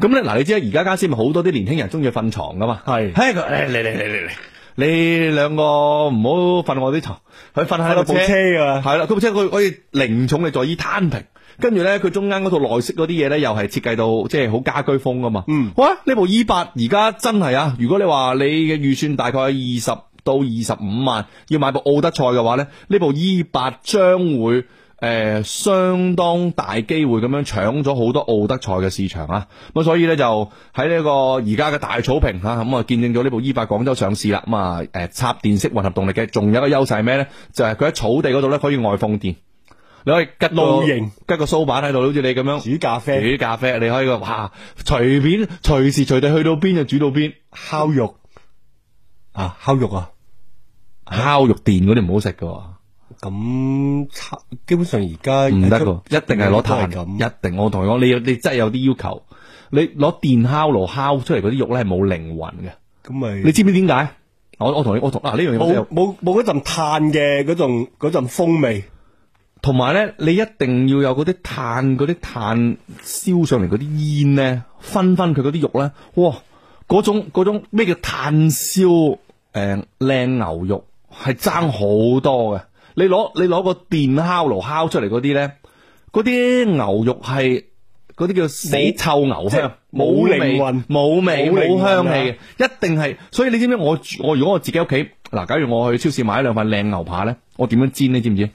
咁咧嗱，你知而家家私咪好多啲年輕人中意瞓床噶嘛？係是，誒，嚟嚟嚟嚟嚟， *laughs* 你兩個唔好瞓我啲床，佢瞓喺部車噶，係啦，佢部車佢可以零重力座椅攤平，跟住咧佢中間嗰套內飾嗰啲嘢咧又係設計到即係好家居風噶嘛。嗯，喂，呢部 E 八而家真係啊！如果你話你嘅預算大概二十。到二十五萬，要買部奧德賽嘅話咧，呢部 E 八將會誒、呃、相當大機會咁樣搶咗好多奧德賽嘅市場啊！咁所以呢，就喺呢個而家嘅大草坪吓咁啊、嗯、見證咗呢部 E 八廣州上市啦！咁啊誒插電式混合動力嘅，仲有一個優勢係咩咧？就係佢喺草地嗰度咧可以外放電，你可以吉個型吉個梳板喺度，好似你咁樣煮咖啡，煮咖啡，你可以話，隨便隨時隨地去到邊就煮到邊，烤肉啊，烤肉啊！啊烤肉店嗰啲唔好食噶、啊，咁差。基本上而家唔得噶，一定係攞炭，一定。我同你講，你你真係有啲要求。你攞電烤爐烤出嚟嗰啲肉咧，係冇靈魂嘅。咁咪？你知唔知點解？我我同你我同啊呢樣嘢冇冇冇嗰陣炭嘅嗰種嗰陣風味，同埋咧，你一定要有嗰啲炭，嗰啲炭燒上嚟嗰啲煙咧，熏返佢嗰啲肉咧，哇！嗰種嗰種咩叫炭燒誒靚牛肉,肉？係爭好多嘅，你攞你攞個電烤爐烤出嚟嗰啲咧，嗰啲牛肉係嗰啲叫死臭牛香，冇靈、就是、魂，冇味，冇味香氣，啊、一定係。所以你知唔知我我如果我自己屋企嗱，假如我去超市買兩份靚牛扒咧，我點樣煎你知唔知？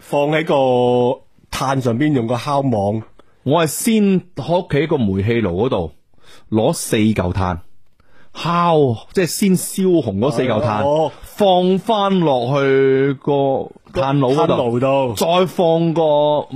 放喺個炭上邊，用個烤網。我係先喺屋企個煤氣爐嗰度攞四嚿炭。烤即係先燒紅嗰四嚿炭，oh, oh, oh. 放翻落去個炭爐嗰度，oh, oh. 再放個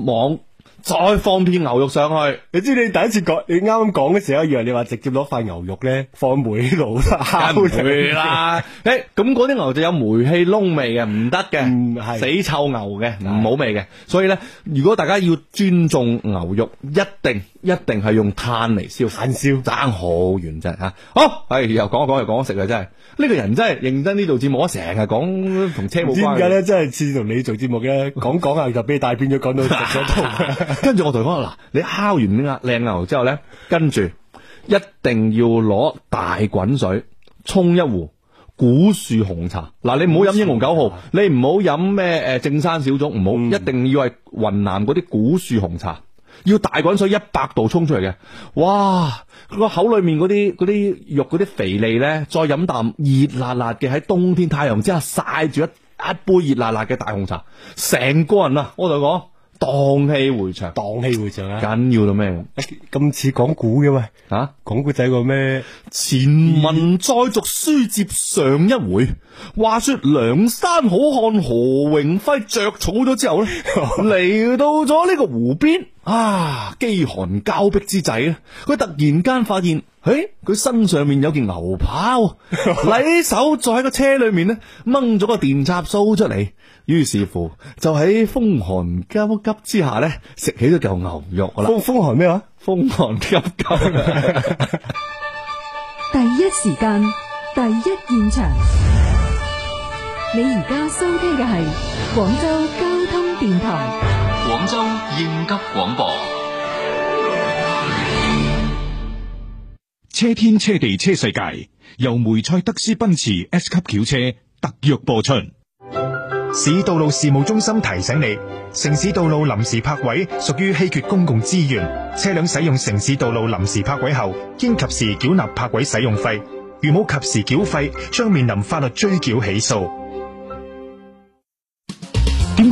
網。再放片牛肉上去，你知你第一次講，你啱啱講嘅時候，我以為你話直接攞塊牛肉咧放煤爐啦，梗唔會啦。誒，咁嗰啲牛就有煤氣窿味嘅，唔得嘅，死臭牛嘅，唔好味嘅。所以咧，如果大家要尊重牛肉，一定一定係用炭嚟燒，炭燒，爭好原則吓。好，誒又講一講又講食啊，真係呢個人真係認真呢度節目，我成日講同車冇關。點解咧？真係似同你做節目嘅，講講下，就俾你帶偏咗，講到食咗都。跟住 *laughs* *laughs* 我同你講，嗱，你烤完呢個靚牛之後咧，跟住一定要攞大滾水沖一壺古樹紅茶。嗱，你唔好飲英紅九號，你唔好飲咩誒正山小種，唔好，嗯、一定要係雲南嗰啲古樹紅茶。要大滾水一百度沖出嚟嘅，哇！佢個口裏面嗰啲嗰啲肉嗰啲肥膩咧，再飲啖熱辣辣嘅喺冬天太陽之下曬住一一杯熱辣辣嘅大紅茶，成個人啊！我同佢講。蕩氣回腸，蕩氣回腸啊！緊要到咩？咁似講古嘅喂，吓講古仔個咩？啊、前文再續書接上一回，話說梁山好漢何榮輝着草咗之後呢嚟 *laughs* 到咗呢個湖邊啊，飢寒交迫之際咧，佢突然間發現。誒，佢、欸，身上面有件牛扒，黎 *laughs* 手坐喺個車裏面呢掹咗個電插蘇出嚟。於是乎，就喺風寒交急，急之下呢食起咗嚿牛肉啦。風寒咩話？風寒交急，急。 *laughs* 第一時間，第一現場。你而家收聽嘅係廣州交通電台，廣州應急廣播。車天車地車世界，由梅賽德斯奔馳 S 級轎車特約播出。市道路事務中心提醒你：城市道路臨時泊位屬於稀缺公共資源，車輛使用城市道路臨時泊位後，應及時繳納泊位使用費。如冇及時繳費，將面臨法律追繳、起訴。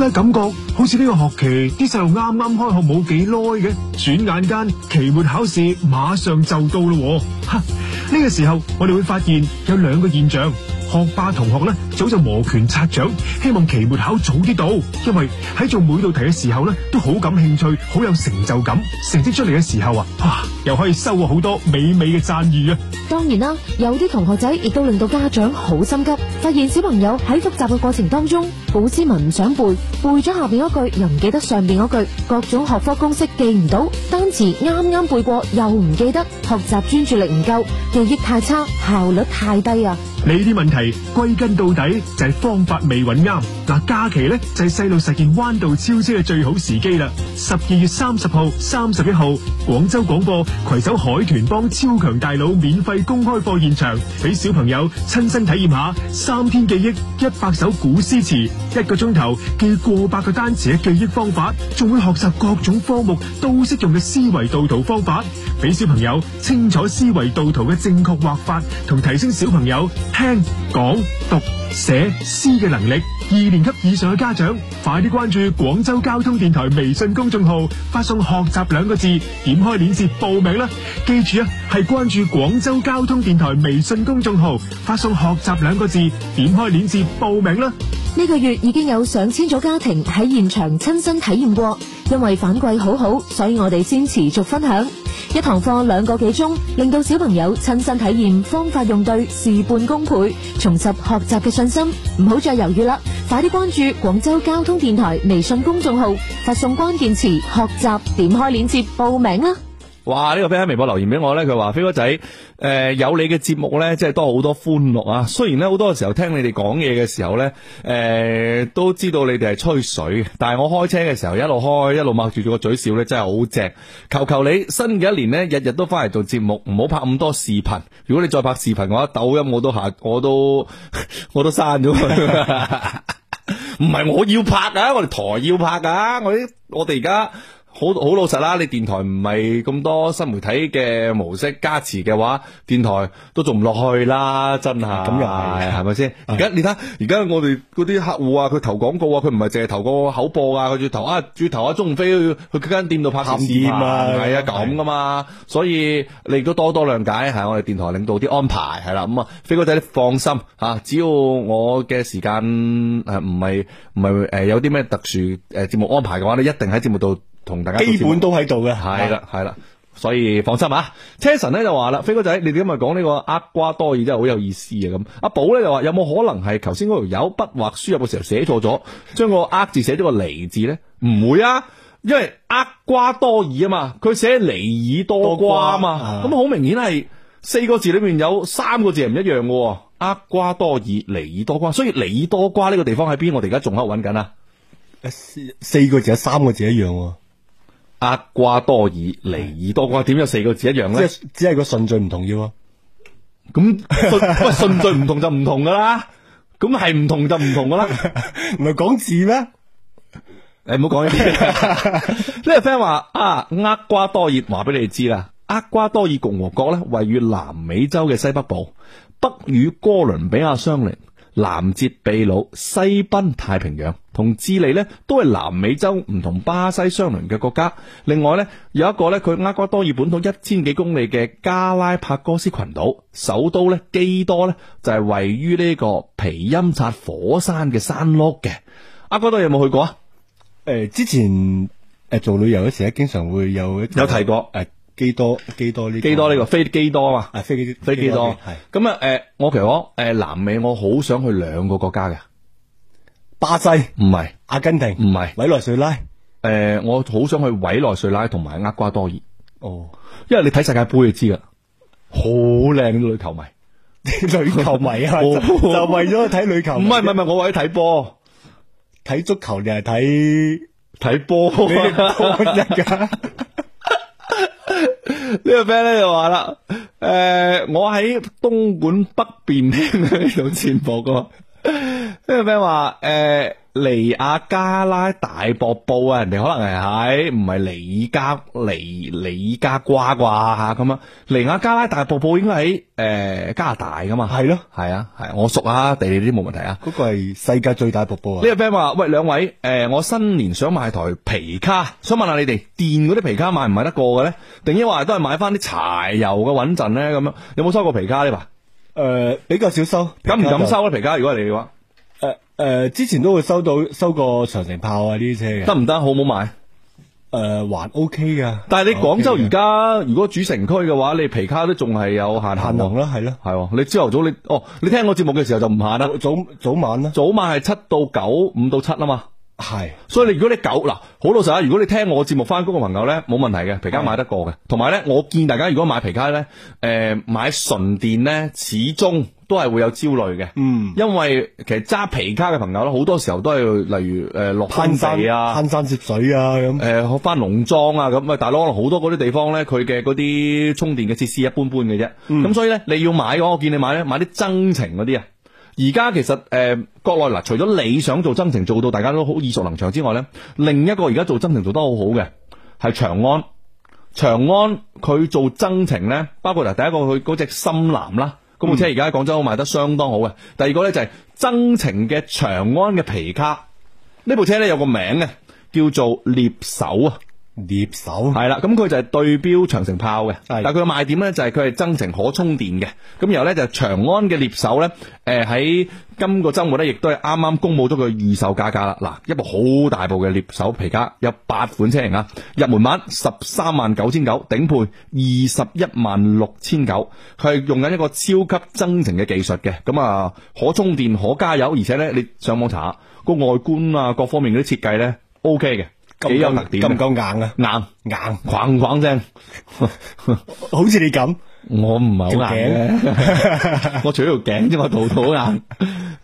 感覺好似呢個學期啲細路啱啱開學冇幾耐嘅，轉眼間期末考試馬上就到咯。哈！呢個時候我哋會發現有兩個現象。學霸同學咧，早就磨拳擦掌，希望期末考早啲到。因為喺做每道題嘅時候咧，都好感興趣，好有成就感。成績出嚟嘅時候啊，哇、啊，又可以收穫好多美美嘅讚譽啊！當然啦、啊，有啲同學仔亦都令到家長好心急，發現小朋友喺復習嘅過程當中，古詩文唔想背，背咗下邊嗰句又唔記得上邊嗰句，各種學科公式記唔到，單詞啱啱背過又唔記得，學習專注力唔夠，記憶太差，效率太低啊！呢啲問題歸根到底就係、是、方法未搵啱，嗱，假期呢，就係細路實現彎道超車嘅最好時機啦！十二月三十號、三十一號，廣州廣播攜手海豚幫超強大腦免費公開課現場，俾小朋友親身體驗下三天記憶一百首古詩詞，一個鐘頭記過百個單詞嘅記憶方法，仲會學習各種科目都適用嘅思維導圖方法，俾小朋友清楚思維導圖嘅正確畫法，同提升小朋友。聽、講、讀、寫、思嘅能力，二年級以上嘅家長，快啲關注廣州交通電台微信公眾號，發送學習兩個字，點開鏈接報名啦！記住啊，係關注廣州交通電台微信公眾號，發送學習兩個字，點開鏈接報名啦！呢個月已經有上千組家庭喺現場親身體驗過。因為反饋好好，所以我哋先持續分享一堂課兩個幾鐘，令到小朋友親身體驗方法用對，事半功倍，重拾學習嘅信心。唔好再猶豫啦，快啲關注廣州交通電台微信公眾號，發送關鍵詞學習，點開鏈接報名啦。哇！呢、這個飛喺微博留言俾我呢，佢話，飛哥仔，誒、呃、有你嘅節目呢，真係多好多歡樂啊！雖然呢好多嘅時候聽你哋講嘢嘅時候呢，誒、呃、都知道你哋係吹水，但係我開車嘅時候一路開一路擘住個嘴笑呢，真係好正！求求你新嘅一年呢，日日都翻嚟做節目，唔好拍咁多視頻。如果你再拍視頻嘅話，抖音我都下，我都我都刪咗佢。唔 *laughs* 係我， *laughs* 我要拍噶、啊，我哋台要拍噶、啊，我哋而家。好好老實啦！你電台唔係咁多新媒體嘅模式加持嘅話，電台都做唔落去啦，真係。咁又係，係咪先？而家你睇，而家我哋嗰啲客戶啊，佢是投廣告啊，佢唔係淨係投個口播啊，佢要投啊，要投啊，鍾飛要去嗰間店度拍攝啊，啊嘛，係啊是，咁噶嘛。所以你都多多諒解，係、啊、我哋電台領導啲安排係啦。咁啊，飛哥仔你放心吓、啊，只要我嘅時間誒唔係唔係誒有啲咩特殊誒節目安排嘅話，你一定喺節目度。基本都喺度嘅，係啦係啦，的的所以放心啊。車神咧就話啦，飛哥仔，你哋今日講呢個厄瓜多爾真係好有意思啊。咁阿寶咧就話，有冇可能係頭先嗰條友筆畫輸入嘅時候寫錯咗，將、那個厄字寫咗、這個離字咧？唔會啊，因為厄瓜多爾啊嘛，佢寫尼爾多瓜啊嘛，咁好、啊、明顯係四個字裏面有三個字唔一樣嘅，厄、啊、瓜多爾、尼爾多瓜，所以尼爾多瓜呢、這個地方喺邊？我哋而家仲喺度揾緊啊？四四個字有三個字一樣。厄瓜多爾、尼爾多，點解有四個字一樣咧？即係只係個順序唔同要，啊？咁順順序唔同就唔同噶啦，咁係唔同就唔同噶啦，唔係講字咩？誒，唔好講呢啲。呢個 friend 話啊，厄瓜多爾，話俾你哋知啦，厄瓜多爾共和國咧，位於南美洲嘅西北部，北與哥倫比亞相鄰。南接秘魯、西濱太平洋，同智利咧都係南美洲唔同巴西相鄰嘅國家。另外咧，有一個咧，佢厄瓜多爾本土一千幾公里嘅加拉帕戈斯群島，首都咧基多咧就係、是、位於呢個皮欽察火山嘅山麓嘅。厄瓜多爾有冇去過啊？誒、呃，之前誒、呃、做旅遊嗰時咧，經常會有有提過誒。呃基多基多呢？基多呢個飛機多啊！啊，飛機飛機多係咁啊！誒，我其實我誒，南美我好想去兩個國家嘅巴西，唔係阿根廷，唔係委內瑞拉。誒，我好想去委內瑞拉同埋厄瓜多爾。哦，因為你睇世界杯就知啦，好靚女球迷，女球迷啊，就為咗去睇女球，唔係唔係唔係，我為咗睇波，睇足球定係睇睇波？你講噶？呢 *laughs* 個 friend 咧就話啦，誒、呃，我喺東莞北邊聽呢種節目噶，呢個 friend 話誒。尼亞加拉大瀑布啊，人哋可能係喺，唔係尼加尼尼加瓜啩吓咁啊。尼亞加拉大瀑布應該喺誒加拿大噶嘛。係咯的，係啊，係。我熟啊，地理啲冇問題啊。嗰個係世界最大瀑布啊。呢個 friend 話，喂，兩位誒、呃，我新年想買台皮卡，想問下你哋，電嗰啲皮卡買唔買得過嘅咧？定抑或都係買翻啲柴油嘅穩陣咧？咁樣有冇收過皮卡呢？話誒、呃，比較少收。敢唔敢收咧皮卡？如果係你嘅話？誒、呃，之前都會收到收過長城炮啊，呢啲車嘅，得唔得？好唔好買？誒、呃，還 OK 噶。但係你廣州而家如果主城區嘅話，你皮卡都仲係有限限行啦，係咯，係、哦。你朝頭早你哦，你聽我節目嘅時候就唔限啦。早早晚啦，早晚係七到九，五到七啊嘛。係是。所以你如果你九嗱，好老實啊！如果你聽我節目翻工嘅朋友呢，冇問題嘅，皮卡買得過嘅。同埋是呢，我建議大家如果買皮卡呢，誒、呃，買純電咧，始終。都係會有焦慮嘅，嗯、因為其實揸皮卡嘅朋友咧，好多時候都係例如誒落、呃、山、山啊、攀山涉水啊咁，誒去翻農莊啊咁。但大佬，可能好多嗰啲地方咧，佢嘅嗰啲充電嘅設施一般般嘅啫。咁、嗯、所以咧，你要買嘅話我見你買咧，買啲增程嗰啲啊。而家其實誒、呃，國內嗱，除咗理想做增程做到大家都好耳熟能詳之外咧，另一個而家做增程做得好好嘅係長安。長安佢做增程咧，包括嗱，第一個佢嗰隻深藍啦。嗰部車而家喺廣州賣得相當好嘅，第二個咧就係增程嘅長安嘅皮卡，呢部車咧有個名嘅，叫做獵手。獵手係啦，咁佢就係對標長城炮嘅，的但佢嘅賣點呢，就係佢係增程可充電嘅，咁然後咧就是、長安嘅獵手呢，誒、呃、喺今個周末呢，亦都係啱啱公布咗個預售價格啦，嗱一部好大部嘅獵手皮卡，有八款車型啊，入門版，十三萬九千九，頂配二十一萬六千九，佢係用緊一個超級增程嘅技術嘅，咁啊可充電可加油，而且呢，你上網查下個外觀啊各方面嗰啲設計呢 OK 嘅。幾有特點？夠唔夠硬啊硬？硬硬，咣咣聲，好似你咁。 *laughs* 我唔係好硬，我除咗條頸啫嘛，肚肚硬。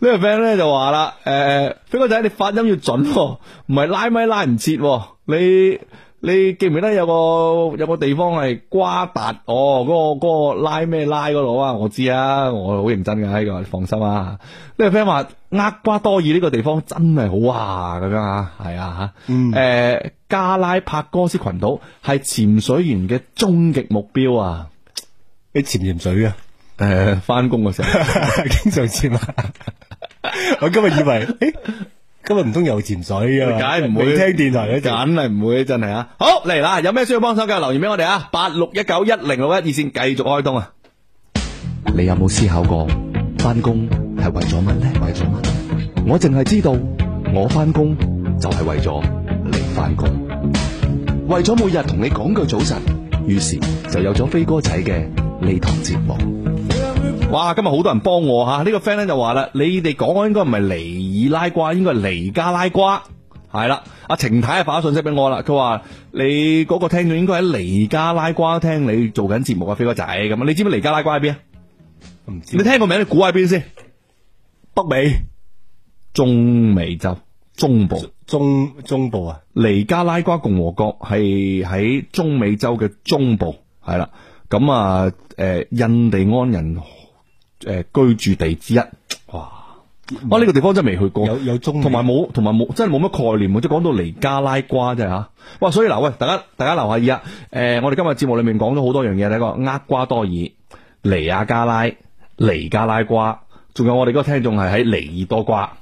呢個 friend 咧就話啦，誒，飛哥仔，你發音要準，唔係拉咪拉唔切，你。你記唔記得有個有個地方係瓜達哦嗰、嗰個、嗰個拉咩拉嗰度啊？我知啊，我好認真噶呢個，你放心啊。呢、這個 friend 話厄瓜多爾呢個地方真係好啊，咁樣啊，係啊吓。誒、嗯欸，加拉帕哥斯群島係潛水員嘅終極目標啊！你潛潛水啊？誒、欸，翻工嘅時候經常潛啊！ *laughs* *laughs* 我今日以為？ *laughs* 今日唔通游潛水啊！梗係唔會，你聽電台咧，梗係唔會，真係啊！好嚟啦，有咩需要幫手嘅留言俾我哋啊！八六一九一零六一二線繼續開通啊！你有冇思考過翻工係為咗乜咧？為咗乜？我淨係知道我翻工就係為咗你翻工，為咗每日同你講句早晨，於是就有咗飛哥仔嘅呢堂節目。哇！今日好多人幫我嚇，呢個 friend 咧就話啦，你哋講嘅應該唔係尼爾拉瓜，應該係尼加拉瓜係啦。阿程太啊，發咗信息俾我啦，佢話你嗰個聽眾應該喺尼加拉瓜聽你做緊節目啊，飛哥仔咁啊。你知唔知尼加拉瓜喺邊啊？唔知你聽個名，你估下喺邊先？北美中美洲中部中中部啊？尼加拉瓜共和國係喺中美洲嘅中部係啦。咁啊，誒印第安人誒，居住地之一，哇！我呢是、這個地方真係未去過，有有中，同埋冇，同埋冇，真係冇乜概念，即係講到尼加拉瓜啫吓、啊。哇！所以嗱，喂，大家大家留下意啊！誒、呃，我哋今日節目裏面講咗好多樣嘢，呢一個厄瓜多爾、尼亞加拉、尼加拉瓜，仲有我哋嗰個聽眾係喺尼爾多瓜。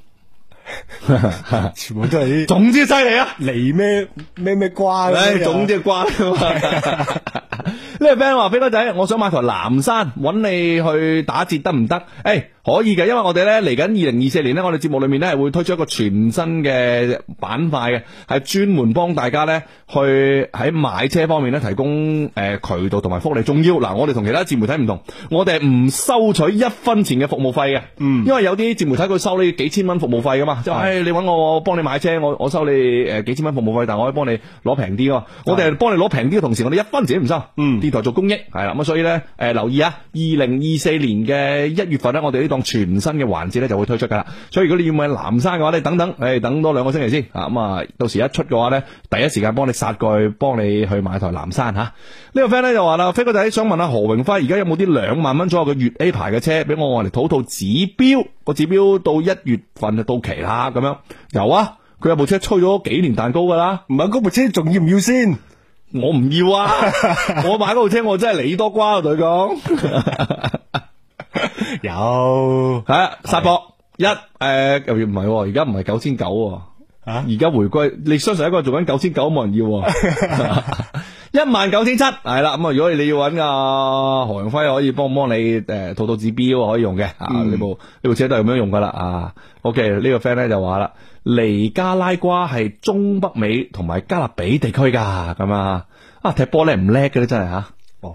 全部都係，總之犀利啊！嚟咩咩咩瓜，總之瓜啊嘛！呢個 friend 話，飛哥仔，我想買台藍山，揾你去打折得唔得？誒！欸可以嘅，因為我哋咧嚟緊二零二四年咧，我哋節目裏面咧係會推出一個全新嘅板塊嘅，係專門幫大家咧去喺買車方面咧提供誒、呃、渠道同埋福利。重要嗱，我哋同其他自媒體唔同，我哋唔收取一分錢嘅服務費嘅。嗯，因為有啲自媒體佢收你幾千蚊服務費噶嘛，即係、哎，你揾我幫你買車，我我收你誒幾千蚊服務費，但係我可以幫你攞平啲。我哋幫你攞平啲嘅同時，我哋一分錢唔收。嗯，電台做公益係啦，咁所以咧誒留意啊，二零二四年嘅一月份咧，我哋呢度。全新嘅環節咧就會推出噶啦，所以如果你要買南山嘅話，你等等，誒、哎、等多兩個星期先，咁啊到時一出嘅話咧，第一時間幫你殺過去，幫你去買台南山吓。啊、個呢個 friend 咧就話啦，飛哥仔想問下何榮輝，而家有冇啲兩萬蚊左右嘅粵 A 牌嘅車，俾我我哋討套指標，個指標到一月份就到期啦咁樣。有啊，佢有部車吹咗幾年蛋糕噶啦，唔係嗰部車仲要唔要先？我唔要啊， *laughs* 我買嗰部車我真係理多瓜啊，佢講。 *laughs* 有吓，殺博 *laughs* 波的一誒，又唔係，而家唔係九千九，而家回歸，你雙十一嗰日做緊九千九冇人要，啊， *laughs* *laughs* 一萬九千七係啦。咁啊，如果你要揾阿何永輝，可以幫唔幫你誒，套、uh, 套指標可以用嘅。啊、嗯，呢、uh, 部呢部車都係咁樣用噶啦、啊。啊，OK，呢個 friend 咧就話啦，尼加拉瓜係中北美同埋加勒比地區噶咁啊，啊，踢波叻唔叻嘅咧真係吓。啊 *laughs*